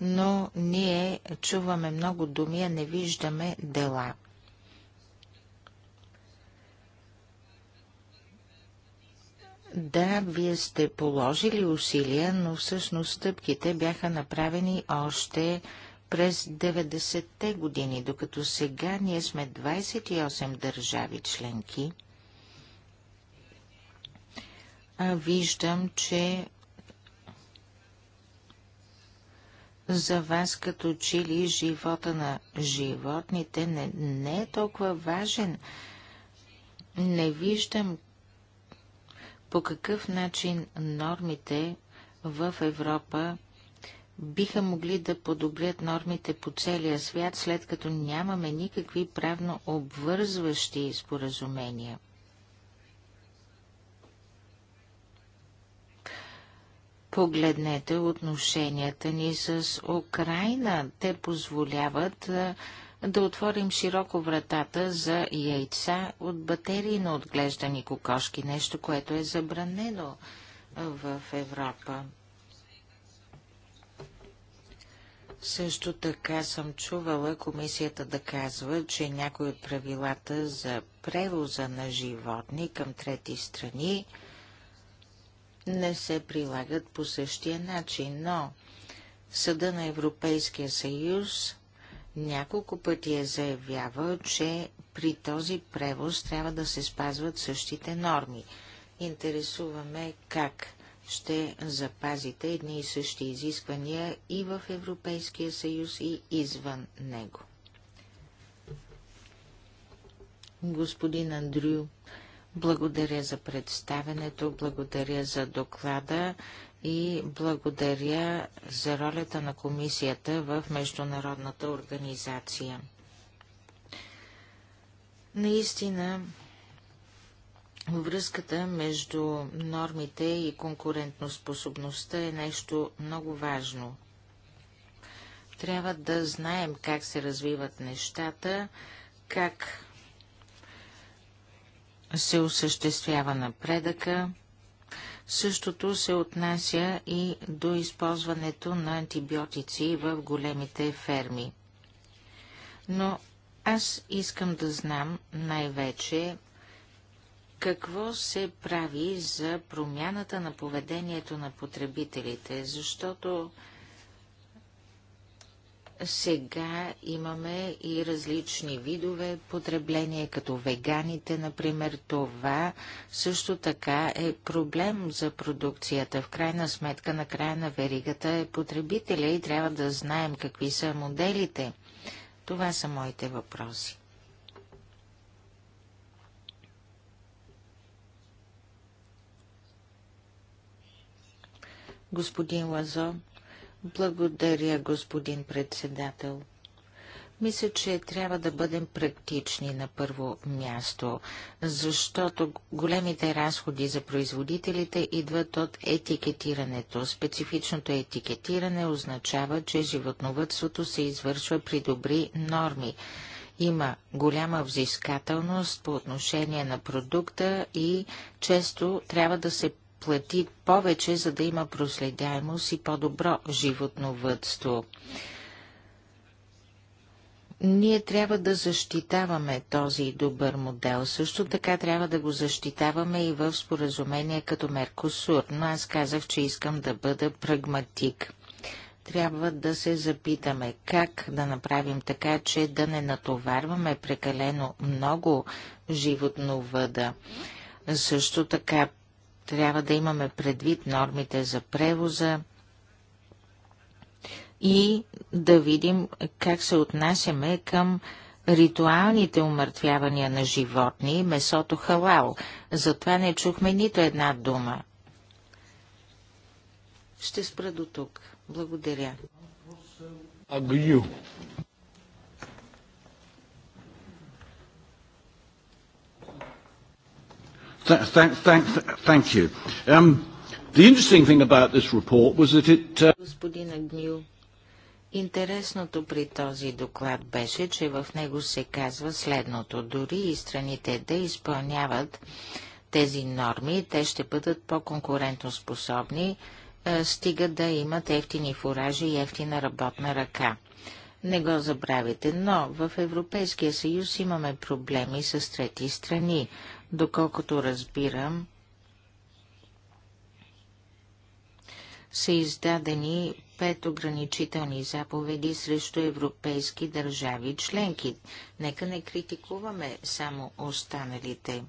но ние чуваме много думи, а не виждаме дела. Да, вие сте положили усилия, но всъщност стъпките бяха направени още през 90-те години, докато сега ние сме 28 държави членки. А виждам, че за вас като че ли живота на животните не, не е толкова важен. Не виждам по какъв начин нормите в Европа биха могли да подобрят нормите по целия свят, след като нямаме никакви правно обвързващи споразумения. Погледнете отношенията ни с Украина. Те позволяват да отворим широко вратата за яйца от батерии на отглеждани кокошки, нещо, което е забранено в Европа. Също така съм чувала комисията да казва, че някои от правилата за превоза на животни към трети страни не се прилагат по същия начин, но Съда на Европейския съюз няколко пъти е заявявал, че при този превоз трябва да се спазват същите норми. Интересуваме как ще запазите едни и същи изисквания и в Европейския съюз и извън него. Господин Андрю, благодаря за представенето, благодаря за доклада и благодаря за ролята на комисията в международната организация. Наистина, връзката между нормите и конкурентноспособността е нещо много важно. Трябва да знаем как се развиват нещата, как се осъществява напредъка. Същото се отнася и до използването на антибиотици в големите ферми. Но аз искам да знам най-вече какво се прави за промяната на поведението на потребителите, защото сега имаме и различни видове потребление, като веганите, например. Това също така е проблем за продукцията. В крайна сметка, на края на веригата е потребителя и трябва да знаем какви са моделите. Това са моите въпроси. Господин Лазо, благодаря, господин председател. Мисля, че трябва да бъдем практични на първо място, защото големите разходи за производителите идват от етикетирането. Специфичното етикетиране означава, че животновътството се извършва при добри норми. Има голяма взискателност по отношение на продукта и често трябва да се плати повече, за да има проследяемост и по-добро животновътство. Ние трябва да защитаваме този добър модел. Също така трябва да го защитаваме и в споразумение като Меркосур, но аз казах, че искам да бъда прагматик. Трябва да се запитаме как да направим така, че да не натоварваме прекалено много животновъда. Също така трябва да имаме предвид нормите за превоза и да видим как се отнасяме към ритуалните умъртвявания на животни, месото халал. Затова не чухме нито една дума. Ще спра до тук. Благодаря. Агню. Th- th- thank you. Um, the interesting thing about this report was that it... Uh... Господин Агнил, интересното при този доклад беше, че в него се казва следното. Дори и страните да изпълняват тези норми, те ще бъдат по-конкурентоспособни, е, стига да имат ефтини фуражи и ефтина работна ръка. Не го забравяйте, но в Европейския съюз имаме проблеми с трети страни доколкото разбирам, са издадени пет ограничителни заповеди срещу европейски държави членки. Нека не критикуваме само останалите.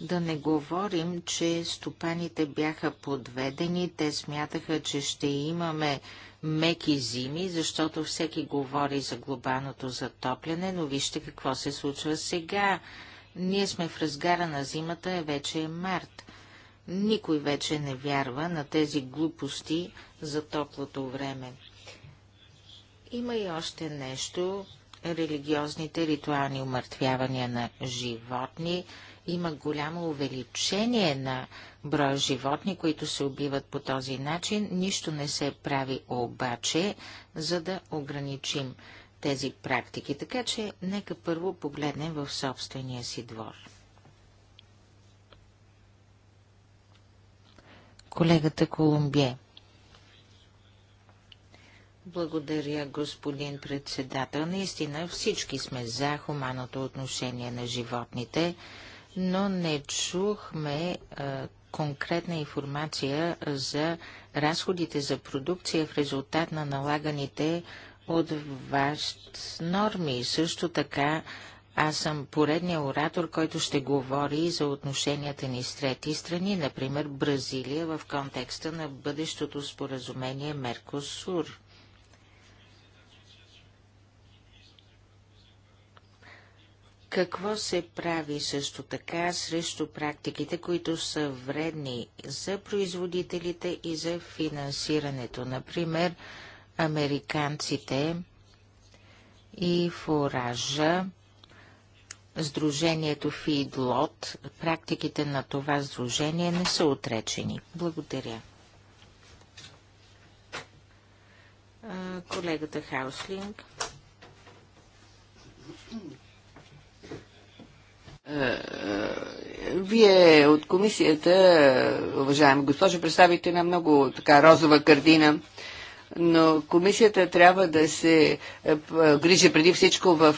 Да не говорим, че стопаните бяха подведени, те смятаха, че ще имаме меки зими, защото всеки говори за глобалното затопляне, но вижте какво се случва сега. Ние сме в разгара на зимата, е вече е март. Никой вече не вярва на тези глупости за топлото време. Има и още нещо. Религиозните ритуални умъртвявания на животни. Има голямо увеличение на броя животни, които се убиват по този начин. Нищо не се прави обаче, за да ограничим тези практики. Така че нека първо погледнем в собствения си двор. Колегата Колумбие. Благодаря, господин председател. Наистина всички сме за хуманото отношение на животните, но не чухме а, конкретна информация за разходите за продукция в резултат на налаганите от вашите норми. Също така аз съм поредния оратор, който ще говори за отношенията ни с трети страни, например Бразилия в контекста на бъдещото споразумение Меркосур. Какво се прави също така срещу практиките, които са вредни за производителите и за финансирането? Например, американците и фуража, Сдружението Фидлот, практиките на това сдружение не са отречени. Благодаря. Колегата Хауслинг. Е, е, вие от комисията, уважаема госпожа, представите на много така розова картина но комисията трябва да се е, грижи преди всичко в,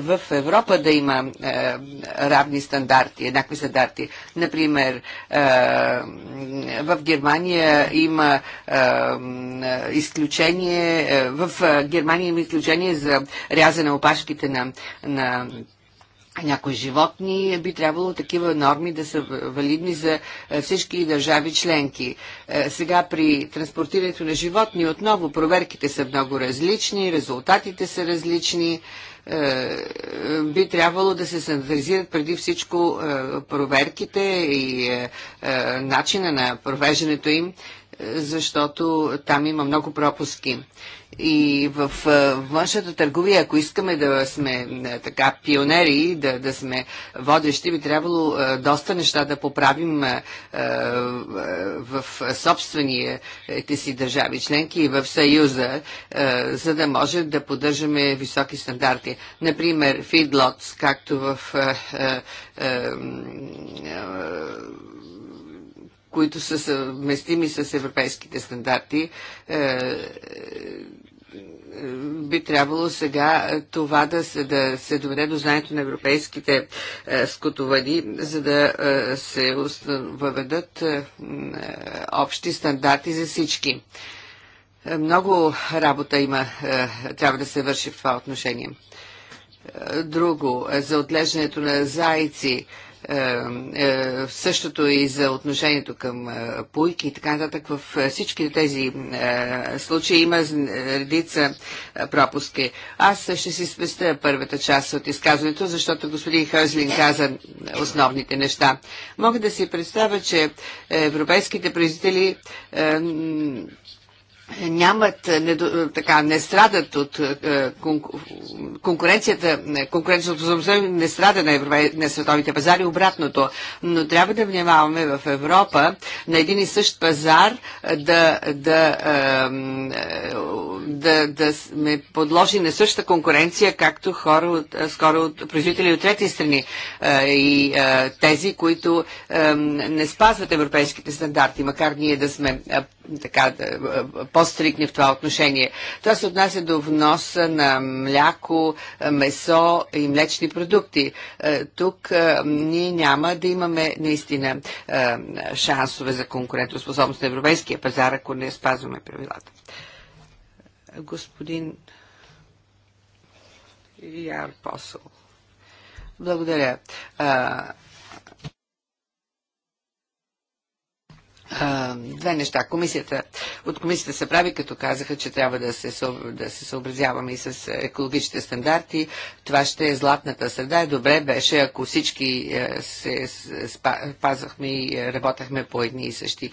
в Европа да има е, равни стандарти, еднакви стандарти. Например, е, в Германия има изключение, в Германия има изключение за рязане опашките на, на някои животни, е, би трябвало такива норми да са валидни за е, всички държави членки. Е, сега при транспортирането на животни отново проверките са много различни, резултатите са различни. Би трябвало да се стандартизират преди всичко проверките и начина на провеждането им защото там има много пропуски. И в външната търговия, ако искаме да сме така пионери, да, да сме водещи, би трябвало доста неща да поправим в собствените си държави членки и в Съюза, за да може да поддържаме високи стандарти. Например, фидлотс, както в които са съвместими с европейските стандарти. Е, е, би трябвало сега това да се, да се доведе до знанието на европейските е, скотовани, за да се въведат общи стандарти за всички. Много работа има, трябва да се върши в това отношение. Друго, за отглеждането на зайци. Е, е, същото и за отношението към е, пуйки и така нататък. В всички тези случаи има редица пропуски. Аз ще си спестя първата част от изказването, защото господин Хъзлин каза основните неща. Мога да си представя, че европейските производители нямат, е, не, е, така, не страдат от е, конкуренцията, конкуренцията не страда на, Европа, на световите пазари, обратното. Но трябва да внимаваме в Европа на един и същ пазар да, да, да, да сме подложи на същата конкуренция, както хора от, скоро от производители от трети страни и тези, които не спазват европейските стандарти, макар ние да сме така, е, е, по-стрикни в това отношение. Това се отнася до вноса на мляко, е, месо и млечни продукти. Тук ние няма да имаме наистина шансове за конкурентоспособност на европейския пазар, ако не спазваме правилата. Господин Яр Посол. Благодаря. две неща. Комисията, от комисията се прави, като казаха, че трябва да се, да се съобразяваме и с екологичните стандарти. Това ще е златната среда. Е, добре беше, ако всички е, се спазвахме и работахме по едни и същи е,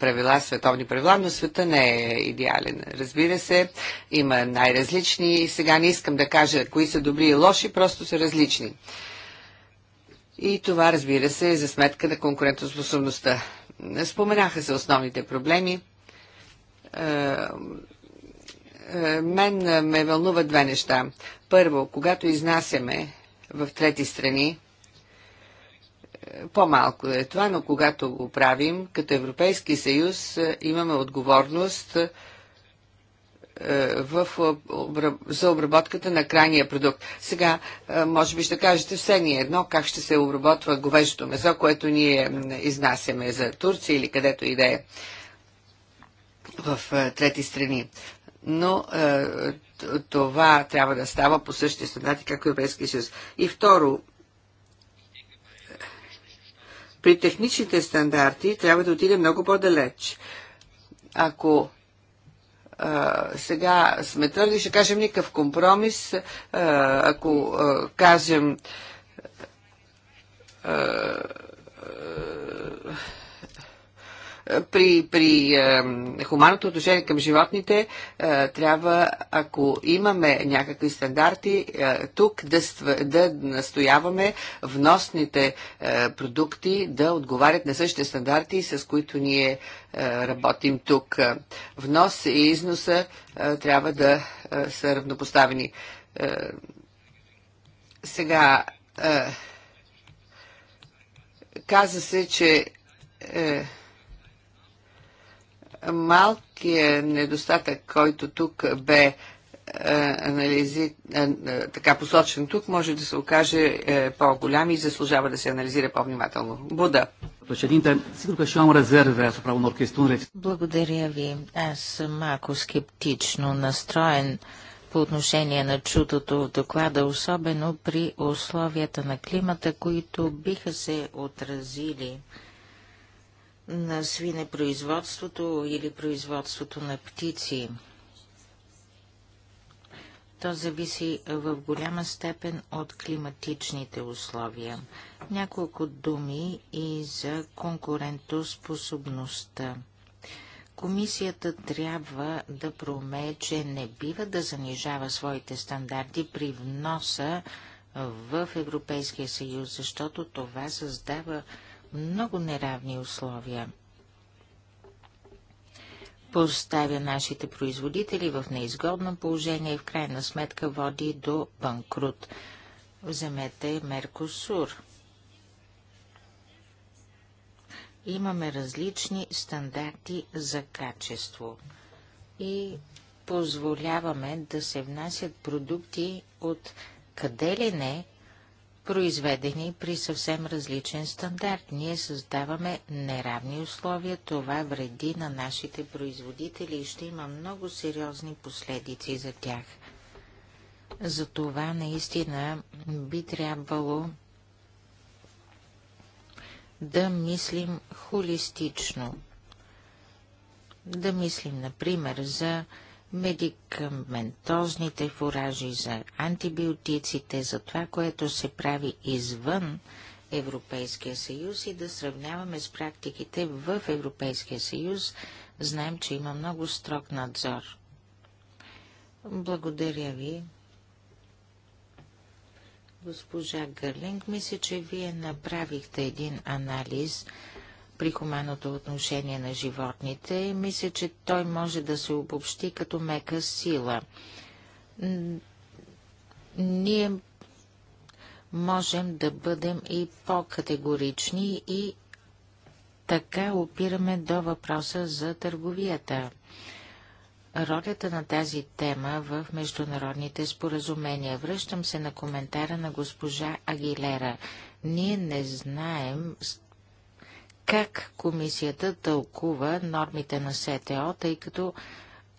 правила, световни правила, но света не е идеален. Разбира се, има най-различни. Сега не искам да кажа кои са добри и лоши, просто са различни. И това, разбира се, е за сметка на конкурентоспособността. Споменаха се основните проблеми. Е, е, мен ме вълнуват две неща. Първо, когато изнасяме в трети страни, е, по-малко е това, но когато го правим, като Европейски съюз имаме отговорност е, в, за обработката на крайния продукт. Сега, е, може би ще кажете все ни едно как ще се обработва говеждото месо, което ние изнасяме за Турция или където и да е в е, трети страни. Но това трябва да става по същия стандарти, както Европейския съюз. И второ, при техничните стандарти трябва да отиде много по-далеч. Ако сега сме твърди, ще кажем никакъв компромис, ако кажем при, при е, хуманното отношение към животните е, трябва, ако имаме някакви стандарти, е, тук да, да настояваме вносните е, продукти да отговарят на същите стандарти, с които ние е, работим тук. Внос и износа е, трябва да е, са равнопоставени. Е, сега, е, каза се, че е, малкият недостатък, който тук бе е, анализи, е, е, така посочен тук, може да се окаже по-голям и заслужава да се анализира по-внимателно. Буда. Благодаря ви. Аз съм малко скептично настроен по отношение на чутото в доклада, особено при условията на климата, които биха се отразили на свинепроизводството или производството на птици. То зависи в голяма степен от климатичните условия. Няколко думи и за конкурентоспособността. Комисията трябва да проумее, че не бива да занижава своите стандарти при вноса в Европейския съюз, защото това създава много неравни условия. Поставя нашите производители в неизгодно положение и в крайна сметка води до банкрут. Вземете Меркосур. Имаме различни стандарти за качество и позволяваме да се внасят продукти от къде ли не произведени при съвсем различен стандарт. Ние създаваме неравни условия, това вреди на нашите производители и ще има много сериозни последици за тях. Затова наистина би трябвало да мислим холистично. Да мислим, например, за медикаментозните фуражи, за антибиотиците, за това, което се прави извън Европейския съюз и да сравняваме с практиките в Европейския съюз, знаем, че има много строг надзор. Благодаря ви. Госпожа Гърлинг, мисля, че вие направихте един анализ при хуманното отношение на животните, мисля, че той може да се обобщи като мека сила. Ние можем да бъдем и по-категорични и така опираме до въпроса за търговията. Ролята на тази тема в международните споразумения. Връщам се на коментара на госпожа Агилера. Ние не знаем как комисията тълкува нормите на СТО, тъй като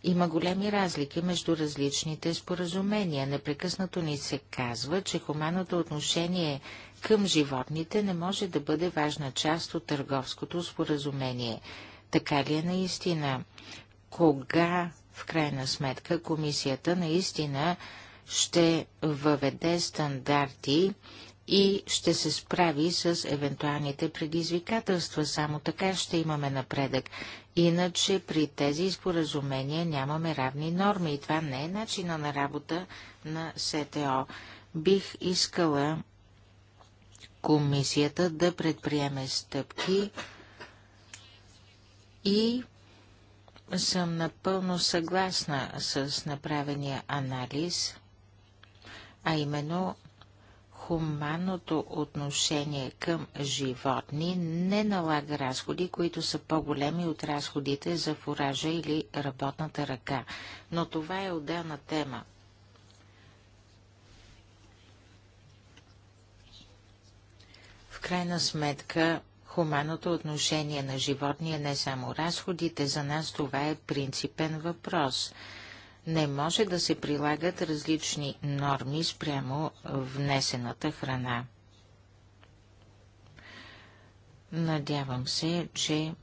има големи разлики между различните споразумения. Непрекъснато ни се казва, че хуманното отношение към животните не може да бъде важна част от търговското споразумение. Така ли е наистина? Кога, в крайна сметка, комисията наистина ще въведе стандарти и ще се справи с евентуалните предизвикателства. Само така ще имаме напредък. Иначе при тези споразумения нямаме равни норми и това не е начина на работа на СТО. Бих искала комисията да предприеме стъпки и съм напълно съгласна с направения анализ, а именно хуманното отношение към животни не налага разходи, които са по-големи от разходите за фуража или работната ръка. Но това е отделна тема. В крайна сметка, хуманното отношение на животни е не само разходите, за нас това е принципен въпрос – не може да се прилагат различни норми спрямо внесената храна. Надявам се, че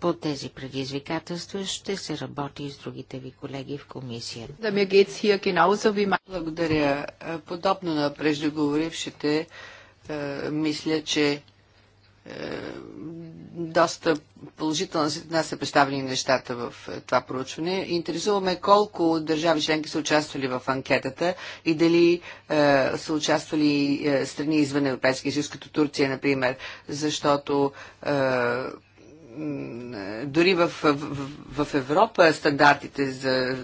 по тези предизвикателства ще се работи и с другите ви колеги в комисията. Благодаря. Подобно на преждеговорившите, е, мисля, че доста положително за нас са представени нещата в е, това проучване. Интересуваме колко държави членки са участвали в анкетата и дали е, са участвали е, страни извън Европейския съюз, като Турция, например, защото е, е дори в, в, в Европа стандартите за е,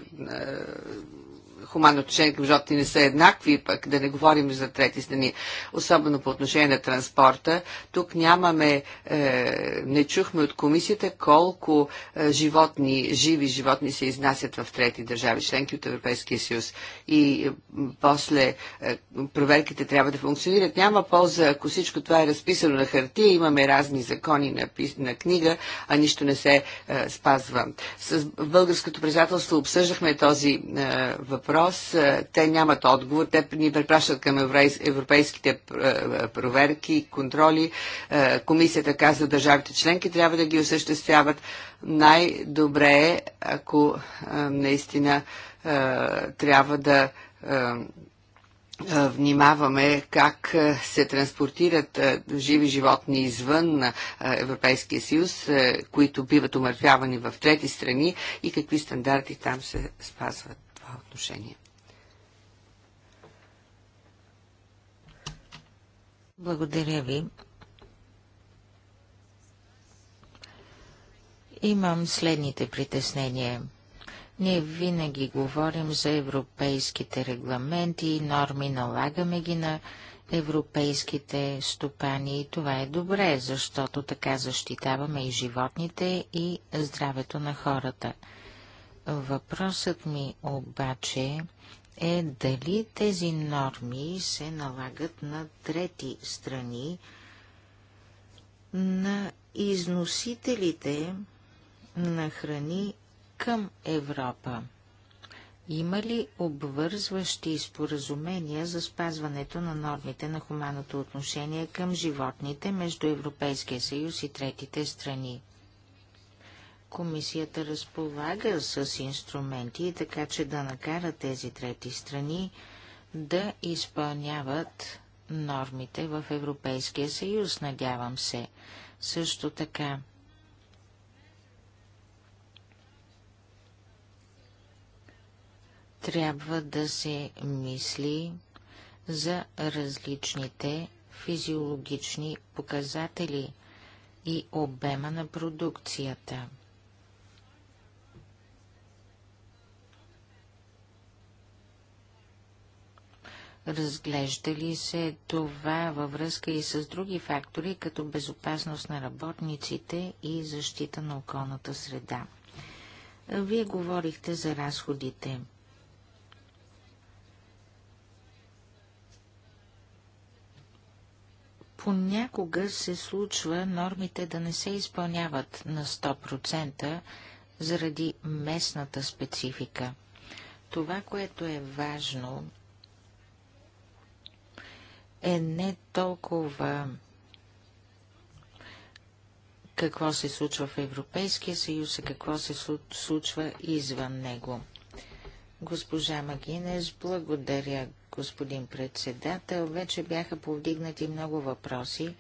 хуманно отношение към животни не са еднакви, пък да не говорим за трети страни, особено по отношение на транспорта. Тук нямаме, е, не чухме от комисията колко е, животни, живи животни се изнасят в трети държави, членки от Европейския съюз. И е, после е, проверките трябва да функционират. Няма полза, ако всичко това е разписано на хартия, имаме разни закони на, на книга, а нищо не се е, спазва. С българското председателство обсъждахме този е, въпрос въпрос. Е, те нямат отговор. Те ни препращат към европейските е, проверки, контроли. Е, комисията казва държавите членки трябва да ги осъществяват. Най-добре е, ако наистина трябва да внимаваме как се транспортират живи животни извън Европейския съюз, които биват умъртвявани в трети страни и какви стандарти там се спазват отношение. Благодаря ви. Имам следните притеснения. Ние винаги говорим за европейските регламенти и норми, налагаме ги на европейските стопани и това е добре, защото така защитаваме и животните и здравето на хората. Въпросът ми обаче е дали тези норми се налагат на трети страни, на износителите на храни към Европа. Има ли обвързващи споразумения за спазването на нормите на хуманното отношение към животните между Европейския съюз и третите страни? Комисията разполага с инструменти, така че да накара тези трети страни да изпълняват нормите в Европейския съюз, надявам се. Също така. Трябва да се мисли за различните физиологични показатели и обема на продукцията – Разглежда ли се това във връзка и с други фактори, като безопасност на работниците и защита на околната среда? Вие говорихте за разходите. Понякога се случва нормите да не се изпълняват на 100% заради местната специфика. Това, което е важно е не толкова какво се случва в Европейския съюз, а какво се случва извън него. Госпожа Магинес, благодаря, господин председател. Вече бяха повдигнати много въпроси.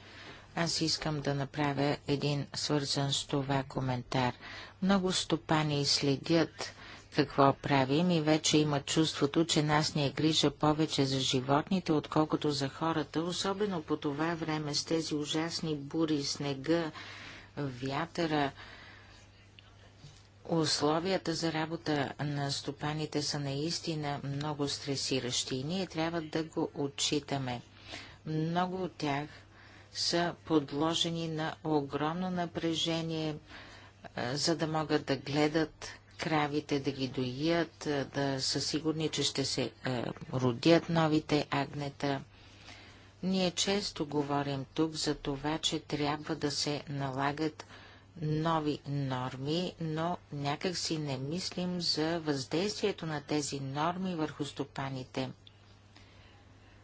Аз искам да направя един свързан с това коментар. Много стопани следят какво правим и вече има чувството, че нас ни е грижа повече за животните, отколкото за хората, особено по това време с тези ужасни бури, снега, вятъра. Условията за работа на стопаните са наистина много стресиращи и ние трябва да го отчитаме. Много от тях са подложени на огромно напрежение, за да могат да гледат кравите, да ги доият, да са сигурни, че ще се е, родят новите агнета. Ние често говорим тук за това, че трябва да се налагат нови норми, но някак си не мислим за въздействието на тези норми върху стопаните.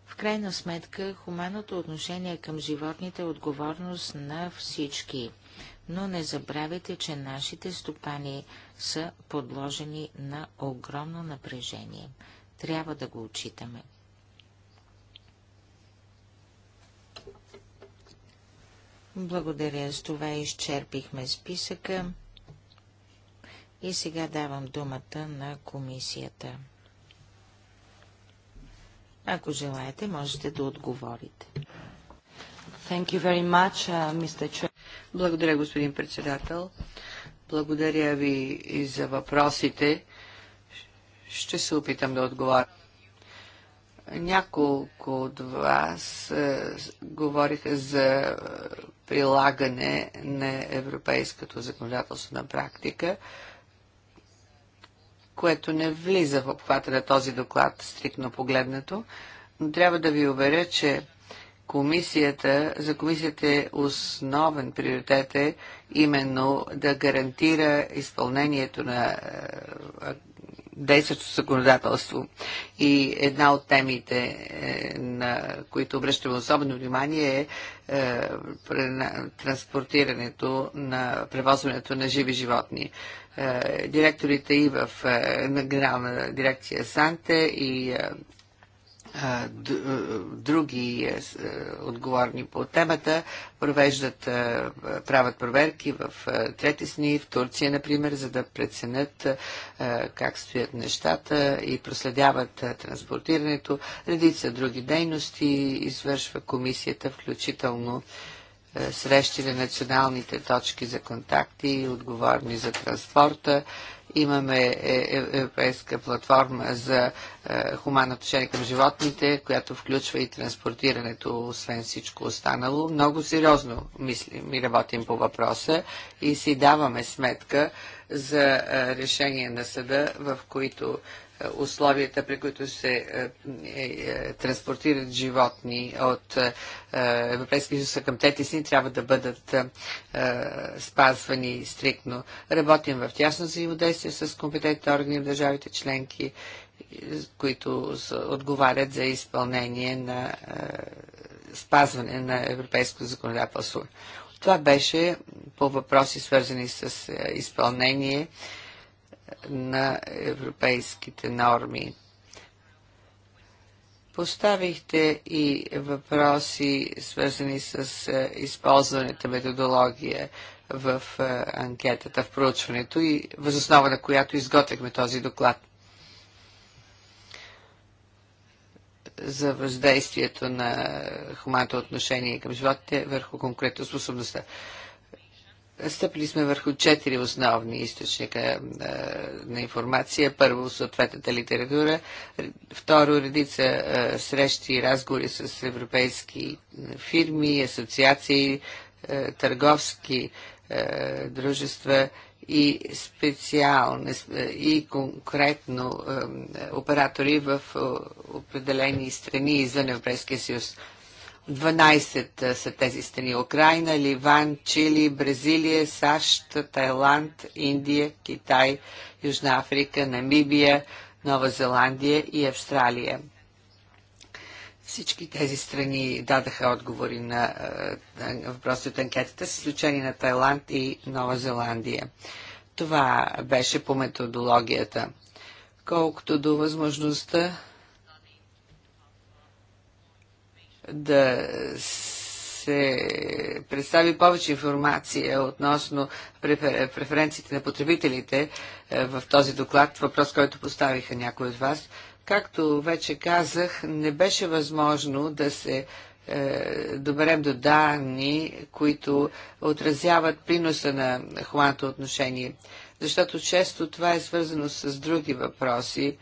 В крайна сметка, хуманното отношение към животните е отговорност на всички. Но не забравяйте, че нашите стопани са подложени на огромно напрежение. Трябва да го отчитаме. Благодаря. С това изчерпихме списъка. И сега давам думата на комисията. Ако желаете, можете да отговорите. Thank you very much, uh, Mr. Благодаря, господин председател. Uh, благодаря ви и за въпросите. Ще се опитам да отговоря. Няколко от вас е, говориха за е, прилагане на европейското законодателство на практика, което не влиза в обхвата на този доклад, стрикно погледнато. Но трябва да ви уверя, че комисията, за комисията е основен приоритет е именно да гарантира изпълнението на е, действащо законодателство. И една от темите, е, на които обръщаме особено внимание, е, е транспортирането на превозването на живи животни. Директорите и в на генерална дирекция Санте и други е, е, отговорни по темата провеждат, е, правят проверки в трети сни, в Турция, например, за да преценят как стоят нещата и проследяват транспортирането. Редица други дейности извършва комисията, включително срещи на националните точки за контакти, отговорни за транспорта Имаме е, е, европейска платформа за е, хуманно отношение към животните, която включва и транспортирането, освен всичко останало. Много сериозно мислим и работим по въпроса и си даваме сметка за решение на съда, в които условията, при които се е, е, е, транспортират животни от Европейския съюз към трети си, трябва да бъдат спазвани стриктно. Работим в тясно взаимодействие с компетентните органи в държавите членки, които отговарят за изпълнение на спазване на европейското законодателство. Това беше по въпроси свързани с изпълнение на европейските норми. Поставихте и въпроси, свързани с е, използваната методология в е, анкетата, в проучването и възоснова на която изготвихме този доклад. за въздействието на хуманното отношение към животите върху конкретно способността. Стъпили сме върху четири основни източника е, на информация. Първо, съответната литература. Второ, редица е, срещи и разговори с европейски е, фирми, асоциации, търговски дружества и специално и конкретно оператори в определени страни извън Европейския съюз. 12 са тези страни. Украина, Ливан, Чили, Бразилия, САЩ, Тайланд, Индия, Китай, Южна Африка, Намибия, Нова Зеландия и Австралия. Всички тези страни дадаха отговори на, на въпроси от анкетата, с изключение на Тайланд и Нова Зеландия. Това беше по методологията. Колкото до възможността да се представи повече информация относно префер... преференциите на потребителите е, в този доклад, въпрос, който поставиха някои от вас. Както вече казах, не беше възможно да се е, доберем до данни, които отразяват приноса на хуманното отношение. Защото често това е свързано с други въпроси,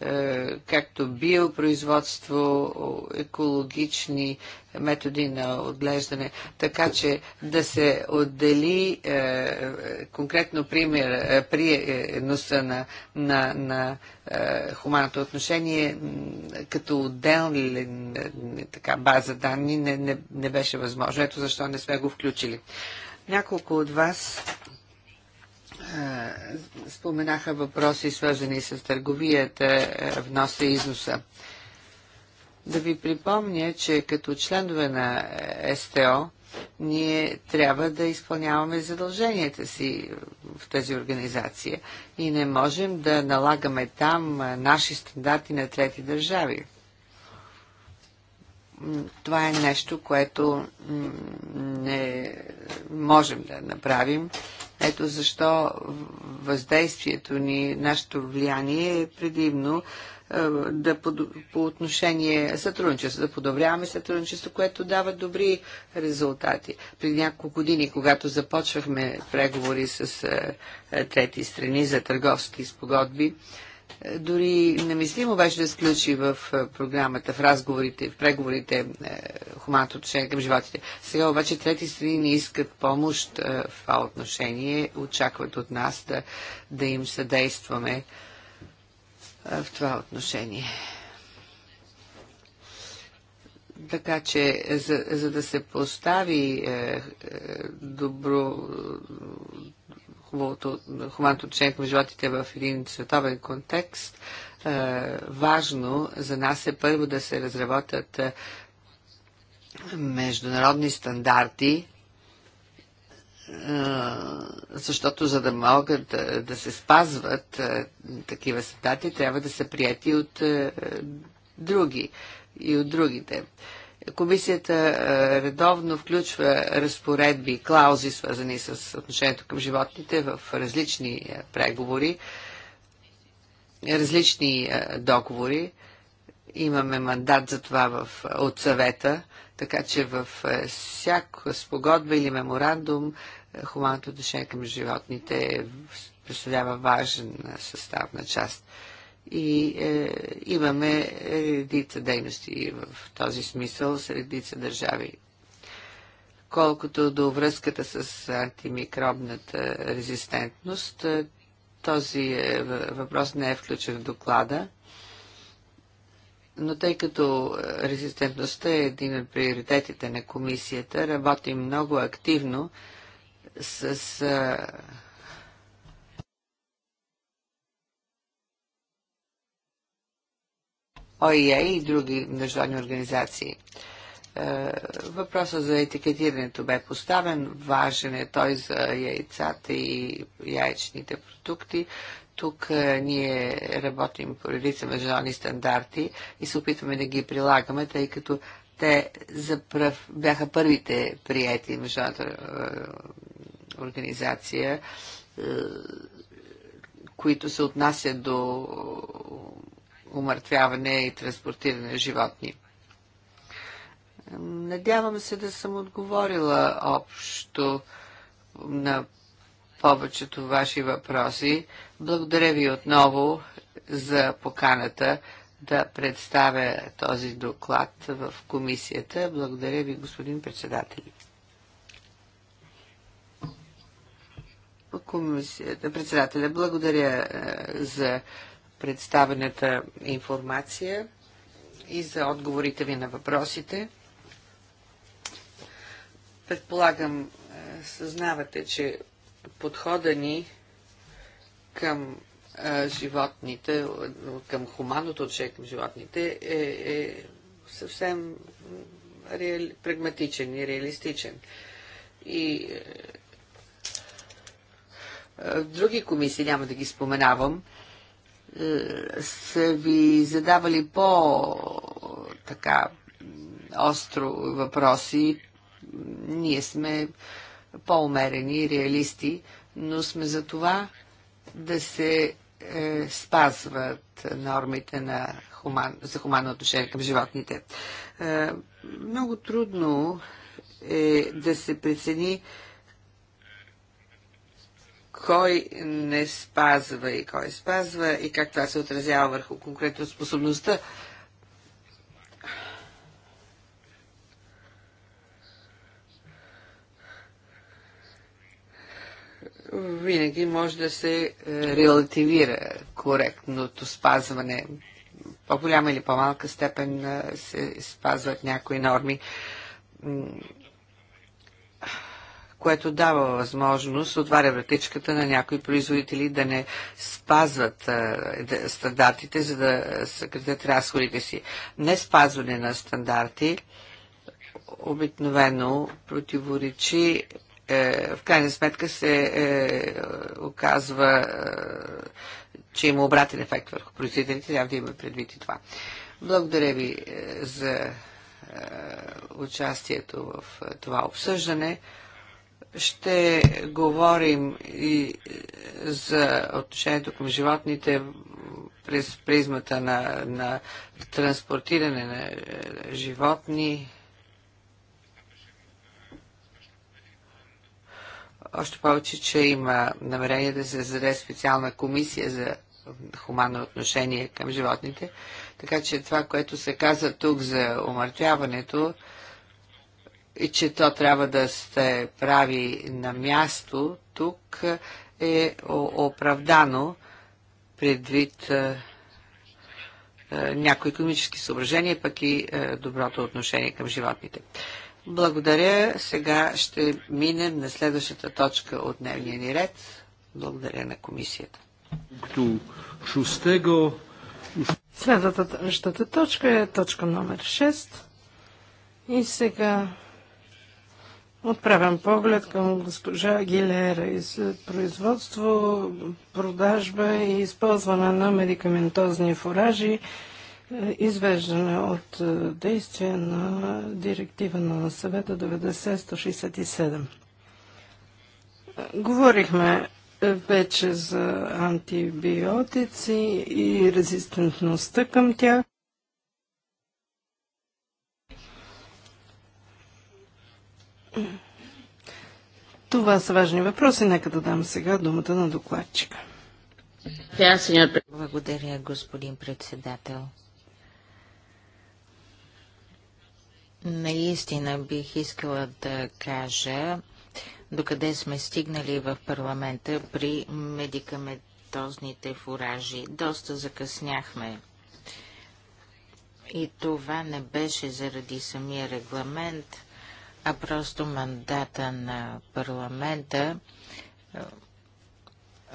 е, както биопроизводство, екологични методи на отглеждане, така че да се отдели е, конкретно пример е, на, на, на е, хуманното отношение като отделен така, база данни не, не, не беше възможно. Ето защо не сме го включили. Няколко от вас споменаха въпроси, свързани с търговията, вноса и износа. Да ви припомня, че като членове на СТО, ние трябва да изпълняваме задълженията си в тази организация и не можем да налагаме там наши стандарти на трети държави. Това е нещо, което не можем да направим ето защо въздействието ни, нашето влияние е предимно е, да под, по отношение сътрудничество, да подобряваме сътрудничество, което дава добри резултати. При няколко години, когато започвахме преговори с е, е, трети страни за търговски спогодби, дори немислимо беше да сключи в програмата, в разговорите, в преговорите е, хуманното отношение към животите. Сега обаче трети страни не искат помощ е, в това отношение, очакват от нас да, да им съдействаме е, в това отношение. Така че, за, за да се постави е, е, добро хубавото, хубавото отношение към животите в един световен контекст, е, важно за нас е първо да се разработят е, международни стандарти, е, защото за да могат да, да се спазват такива стандарти, трябва да са прияти от други и от другите. Комисията е, редовно включва разпоредби, клаузи, свързани с отношението към животните в различни е, преговори, различни е, договори. Имаме мандат за това в, от съвета, така че в всяка спогодба или меморандум хуманното отношение към животните представлява важен съставна част и е, имаме редица дейности в този смисъл с редица държави. Колкото до връзката с антимикробната резистентност, е, този е, въпрос не е включен в доклада, но тъй като е, резистентността е един от приоритетите на комисията, работим много активно с ОИА и други международни организации. Е, въпросът за етикетирането бе поставен, важен е той за яйцата и яйчните продукти. Тук е, ние работим по редица международни стандарти и се опитваме да ги прилагаме, тъй като те за пръв, бяха първите приети международната е, организация, които се отнасят до умъртвяване и транспортиране на животни. Надявам се да съм отговорила общо на повечето ваши въпроси. Благодаря ви отново за поканата да представя този доклад в комисията. Благодаря ви, господин председател. Комисията, председателя, благодаря е, за представената информация и за отговорите ви на въпросите. Предполагам, е, съзнавате, че подхода ни към е, животните, към хуманното отношение към животните е, е съвсем реали, прагматичен и реалистичен. И е, е, други комисии, няма да ги споменавам, са ви задавали по-така остро въпроси. Ние сме по-умерени, реалисти, но сме за това да се е, спазват нормите на хуман, за хуманно отношение към животните. Е, много трудно е да се прецени кой не спазва и кой спазва и как това се отразява върху конкретно способността. Винаги може да се е, релативира коректното спазване. По-голяма или по-малка степен е, се спазват някои норми което дава възможност, отваря вратичката на някои производители да не спазват стандартите, за да съкратят разходите си. Не спазване на стандарти обикновено противоречи е, в крайна сметка се е, оказва, е, че има обратен ефект върху производителите. Трябва да има предвид и това. Благодаря ви за участието в това обсъждане. Ще говорим и е, за отношението към животните през призмата на, на транспортиране на е, животни. Още повече, че има намерение да се заде специална комисия за хуманно отношение към животните. Така че това, което се каза тук за умъртвяването и че то трябва да се прави на място тук е оправдано предвид е, е, някои економически съображения, пък и е, доброто отношение към животните. Благодаря. Сега ще минем на следващата точка от дневния ни ред. Благодаря на комисията. Следващата точка е точка номер 6. И сега Отправям поглед към госпожа Гилера из производство, продажба и използване на медикаментозни фуражи, е, извеждане от е, действие на директива на съвета 90-167. Говорихме е, вече за антибиотици и резистентността към тях. Това са важни въпроси. Нека да дам сега думата на докладчика. Благодаря, господин председател. Наистина бих искала да кажа докъде сме стигнали в парламента при медикаментозните фуражи. Доста закъсняхме. И това не беше заради самия регламент – а просто мандата на парламента е,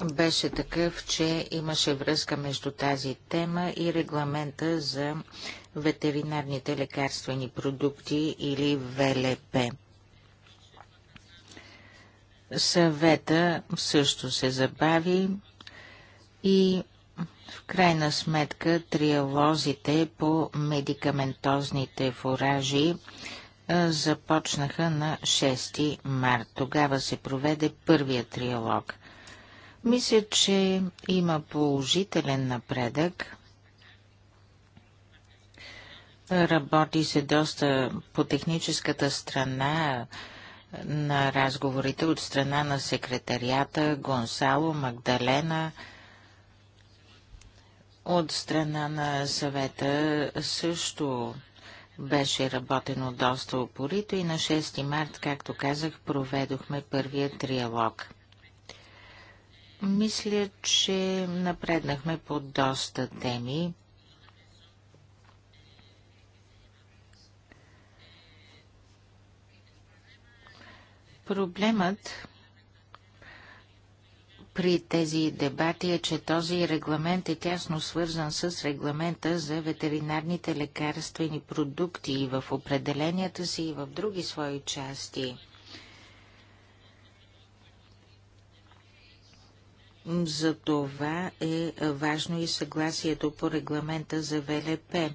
беше такъв, че имаше връзка между тази тема и регламента за ветеринарните лекарствени продукти или ВЛП. Съвета също се забави и в крайна сметка триалозите по медикаментозните фуражи започнаха на 6 март. Тогава се проведе първия триалог. Мисля, че има положителен напредък. Работи се доста по техническата страна на разговорите от страна на секретарията Гонсало, Магдалена, от страна на съвета също беше работено доста опорито и на 6 март, както казах, проведохме първия триалог. Мисля, че напреднахме по доста теми. Проблемът при тези дебати е, че този регламент е тясно свързан с регламента за ветеринарните лекарствени продукти и в определенията си и в други свои части. За това е важно и съгласието по регламента за ВЛП.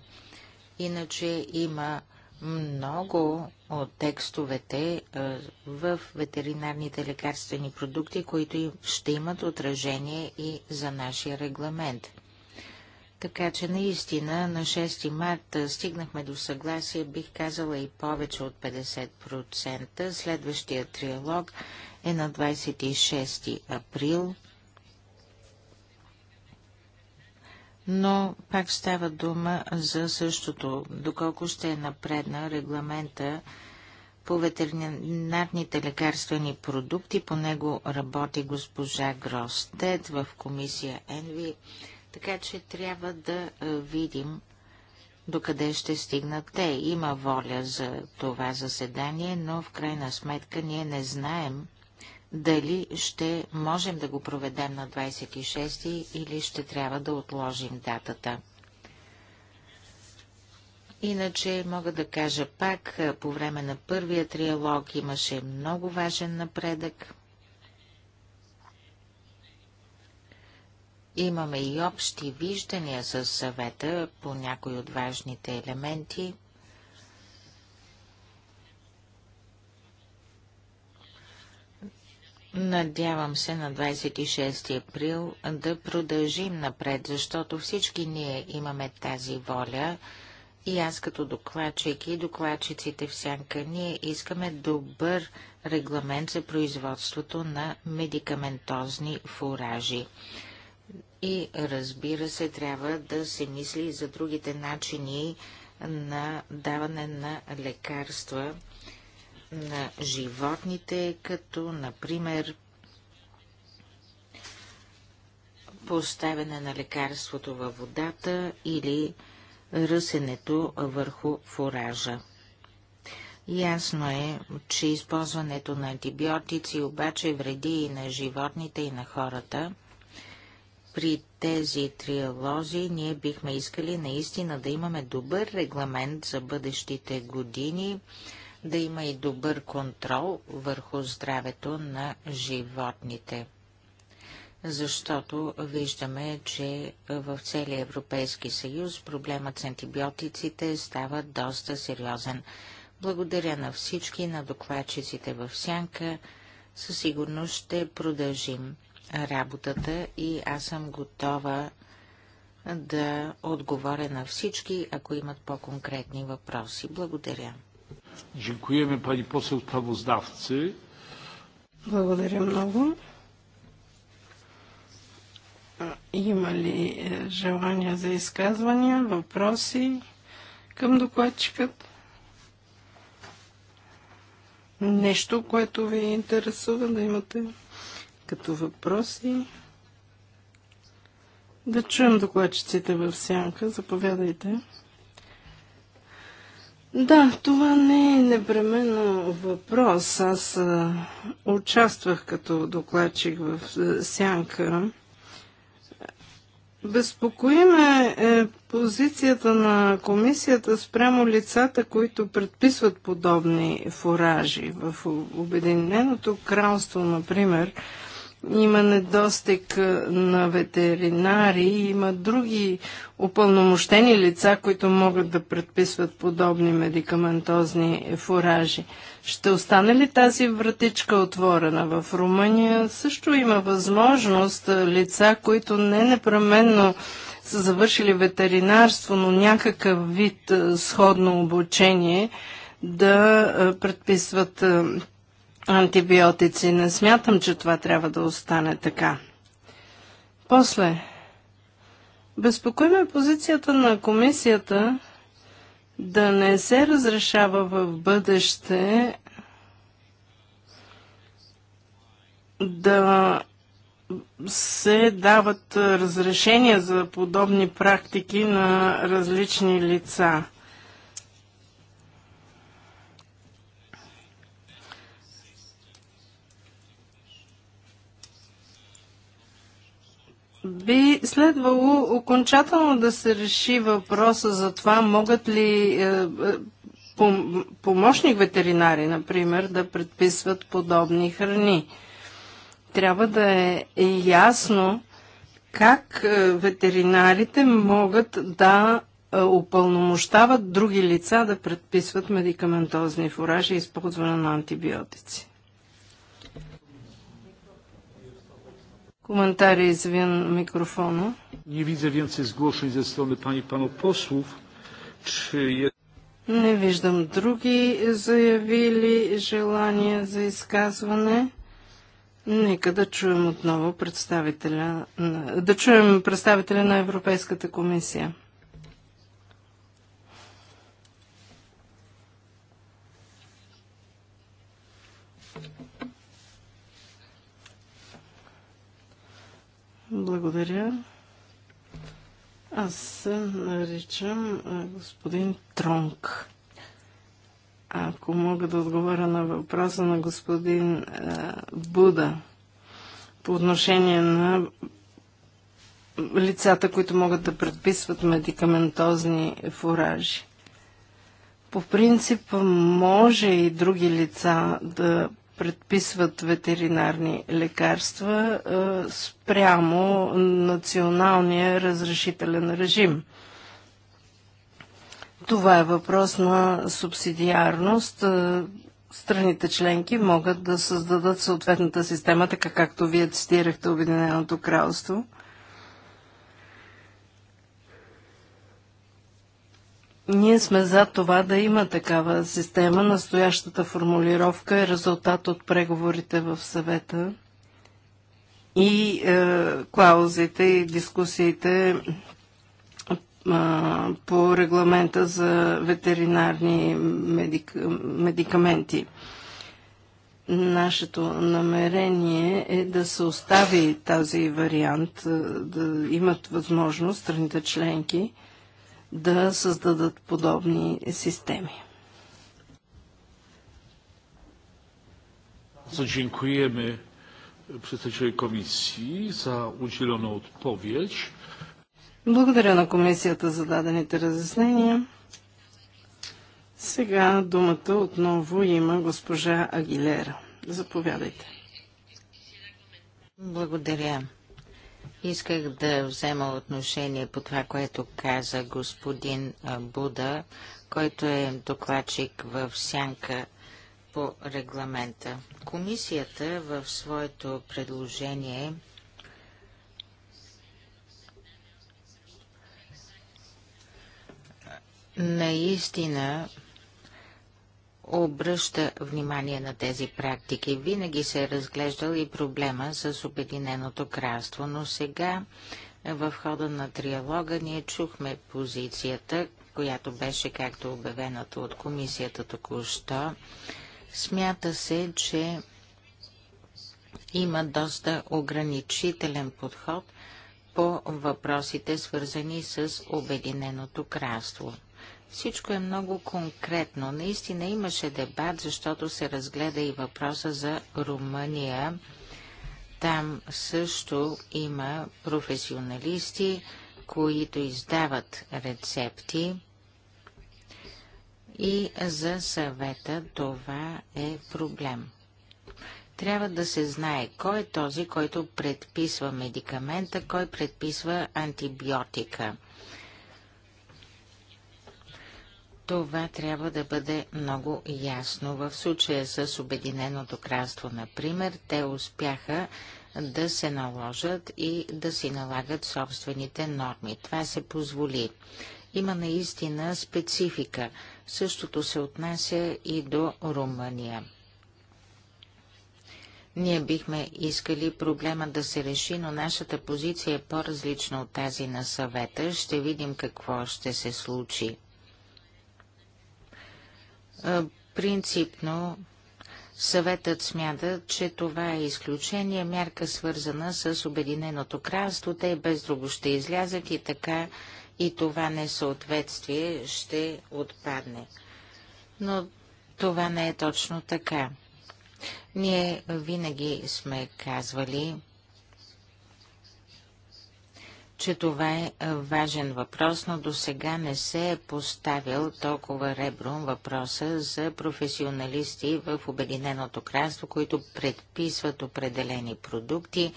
Иначе има много от текстовете е, в ветеринарните лекарствени продукти, които ще имат отражение и за нашия регламент. Така че наистина на 6 марта е, стигнахме до съгласие, бих казала и повече от 50%. Следващия триалог е на 26 април. но пак става дума за същото. Доколко ще е напредна регламента по ветеринарните лекарствени продукти, по него работи госпожа Гростед в комисия Енви, така че трябва да видим докъде ще стигнат те. Има воля за това заседание, но в крайна сметка ние не знаем дали ще можем да го проведем на 26 или ще трябва да отложим датата. Иначе мога да кажа пак, по време на първия триалог имаше много важен напредък. Имаме и общи виждания с съвета по някои от важните елементи – Надявам се на 26 април да продължим напред, защото всички ние имаме тази воля и аз като докладчик и докладчиците в сянка, ние искаме добър регламент за производството на медикаментозни фуражи. И разбира се, трябва да се мисли и за другите начини на даване на лекарства на животните, като, например, поставяне на лекарството във водата или ръсенето върху фуража. Ясно е, че използването на антибиотици обаче вреди и на животните, и на хората. При тези триалози ние бихме искали наистина да имаме добър регламент за бъдещите години, да има и добър контрол върху здравето на животните. Защото виждаме, че в целия Европейски съюз проблемът с антибиотиците става доста сериозен. Благодаря на всички, на докладчиците в Сянка. Със сигурност ще продължим работата и аз съм готова да отговоря на всички, ако имат по-конкретни въпроси. Благодаря. Dziękujemy pani poseł sprawozdawcy. Благодаря много. Има ли е, желания за изказвания, въпроси към докладчикът? Нещо, което ви интересува да имате като въпроси? Да чуем докладчиците в сянка. Заповядайте. Заповядайте. Да, това не е непременно въпрос. Аз а, участвах като докладчик в а, Сянка. Безпокоиме е позицията на комисията спрямо лицата, които предписват подобни фуражи. В Обединеното кралство, например, има недостиг на ветеринари, има други упълномощени лица, които могат да предписват подобни медикаментозни фуражи. Ще остане ли тази вратичка отворена? В Румъния също има възможност лица, които не непременно са завършили ветеринарство, но някакъв вид сходно обучение да предписват антибиотици. Не смятам, че това трябва да остане така. После, безпокоиме позицията на комисията да не се разрешава в бъдеще да се дават разрешения за подобни практики на различни лица. Би следвало окончателно да се реши въпроса за това могат ли е, е, помощник ветеринари, например, да предписват подобни храни. Трябва да е ясно как е, ветеринарите могат да упълномощават други лица да предписват медикаментозни фуражи и използване на антибиотици. Коментари извън микрофона. Не widzę więcej zgłoszeń ze strony pani panów posłów. Czy... Не виждам други заявили желания за изказване. Нека да чуем отново представителя, да чуем представителя на Европейската комисия. Благодаря. Аз се наричам господин Тронк. Ако мога да отговоря на въпроса на господин Буда по отношение на лицата, които могат да предписват медикаментозни фуражи. По принцип може и други лица да предписват ветеринарни лекарства е, спрямо националния разрешителен режим. Това е въпрос на субсидиарност. Е, страните членки могат да създадат съответната система, така както вие цитирахте Обединеното кралство. Ние сме за това да има такава система. Настоящата формулировка е резултат от преговорите в съвета и е, клаузите и дискусиите е, по регламента за ветеринарни медик, медикаменти. Нашето намерение е да се остави този вариант, е, да имат възможност страните членки да създадат подобни системи. Dziękujemy przedstawicielowi komisji za udzieloną odpowiedź. Благодаря на комисията за дадените разяснения. Сега думата отново има госпожа Агилера. Заповядайте. Благодаря. Исках да взема отношение по това, което каза господин Буда, който е докладчик в сянка по регламента. Комисията в своето предложение наистина обръща внимание на тези практики. Винаги се е разглеждал и проблема с Обединеното кралство, но сега в хода на триалога ние чухме позицията, която беше както обявената от комисията току-що. Смята се, че има доста ограничителен подход по въпросите, свързани с Обединеното кралство. Всичко е много конкретно. Наистина имаше дебат, защото се разгледа и въпроса за Румъния. Там също има професионалисти, които издават рецепти. И за съвета това е проблем. Трябва да се знае кой е този, който предписва медикамента, кой предписва антибиотика. Това трябва да бъде много ясно. В случая с Обединеното кралство, например, те успяха да се наложат и да си налагат собствените норми. Това се позволи. Има наистина специфика. Същото се отнася и до Румъния. Ние бихме искали проблема да се реши, но нашата позиция е по-различна от тази на съвета. Ще видим какво ще се случи. Принципно съветът смята, че това е изключение, мярка свързана с Обединеното кралство. Те без друго ще излязат и така и това несъответствие ще отпадне. Но това не е точно така. Ние винаги сме казвали, че това е, е важен въпрос, но до сега не се е поставил толкова ребром въпроса за професионалисти в Обединеното кралство, които предписват определени продукти.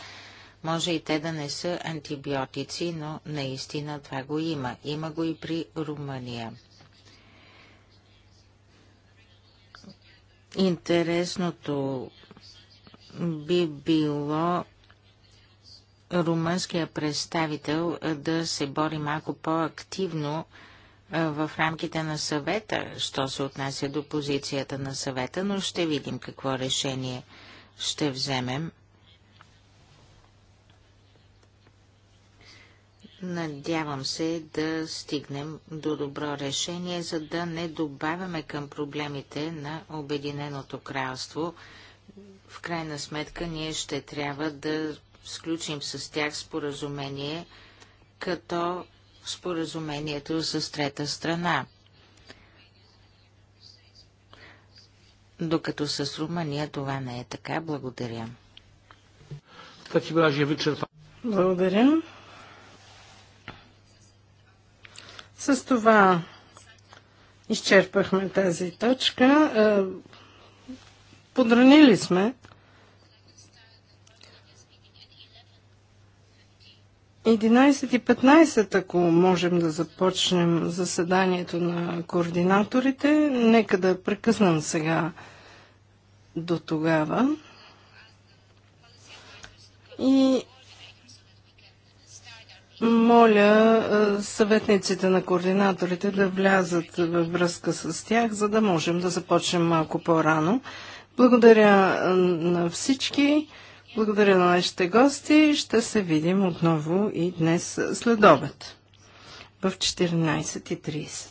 Може и те да не са антибиотици, но наистина това го има. Има го и при Румъния. Интересното би било румънския представител да се бори малко по-активно в рамките на съвета, що се отнася до позицията на съвета, но ще видим какво решение ще вземем. Надявам се да стигнем до добро решение, за да не добавяме към проблемите на Обединеното кралство. В крайна сметка ние ще трябва да сключим с тях споразумение, като споразумението с трета страна. Докато с Румъния това не е така. Благодаря. Е благодаря. С това изчерпахме тази точка. Е, подранили сме 11 и 15, ако можем да започнем заседанието на координаторите, нека да прекъснем сега до тогава. И моля съветниците на координаторите да влязат във връзка с тях, за да можем да започнем малко по-рано. Благодаря на всички. Благодаря на нашите гости. Ще се видим отново и днес след обед в 14.30.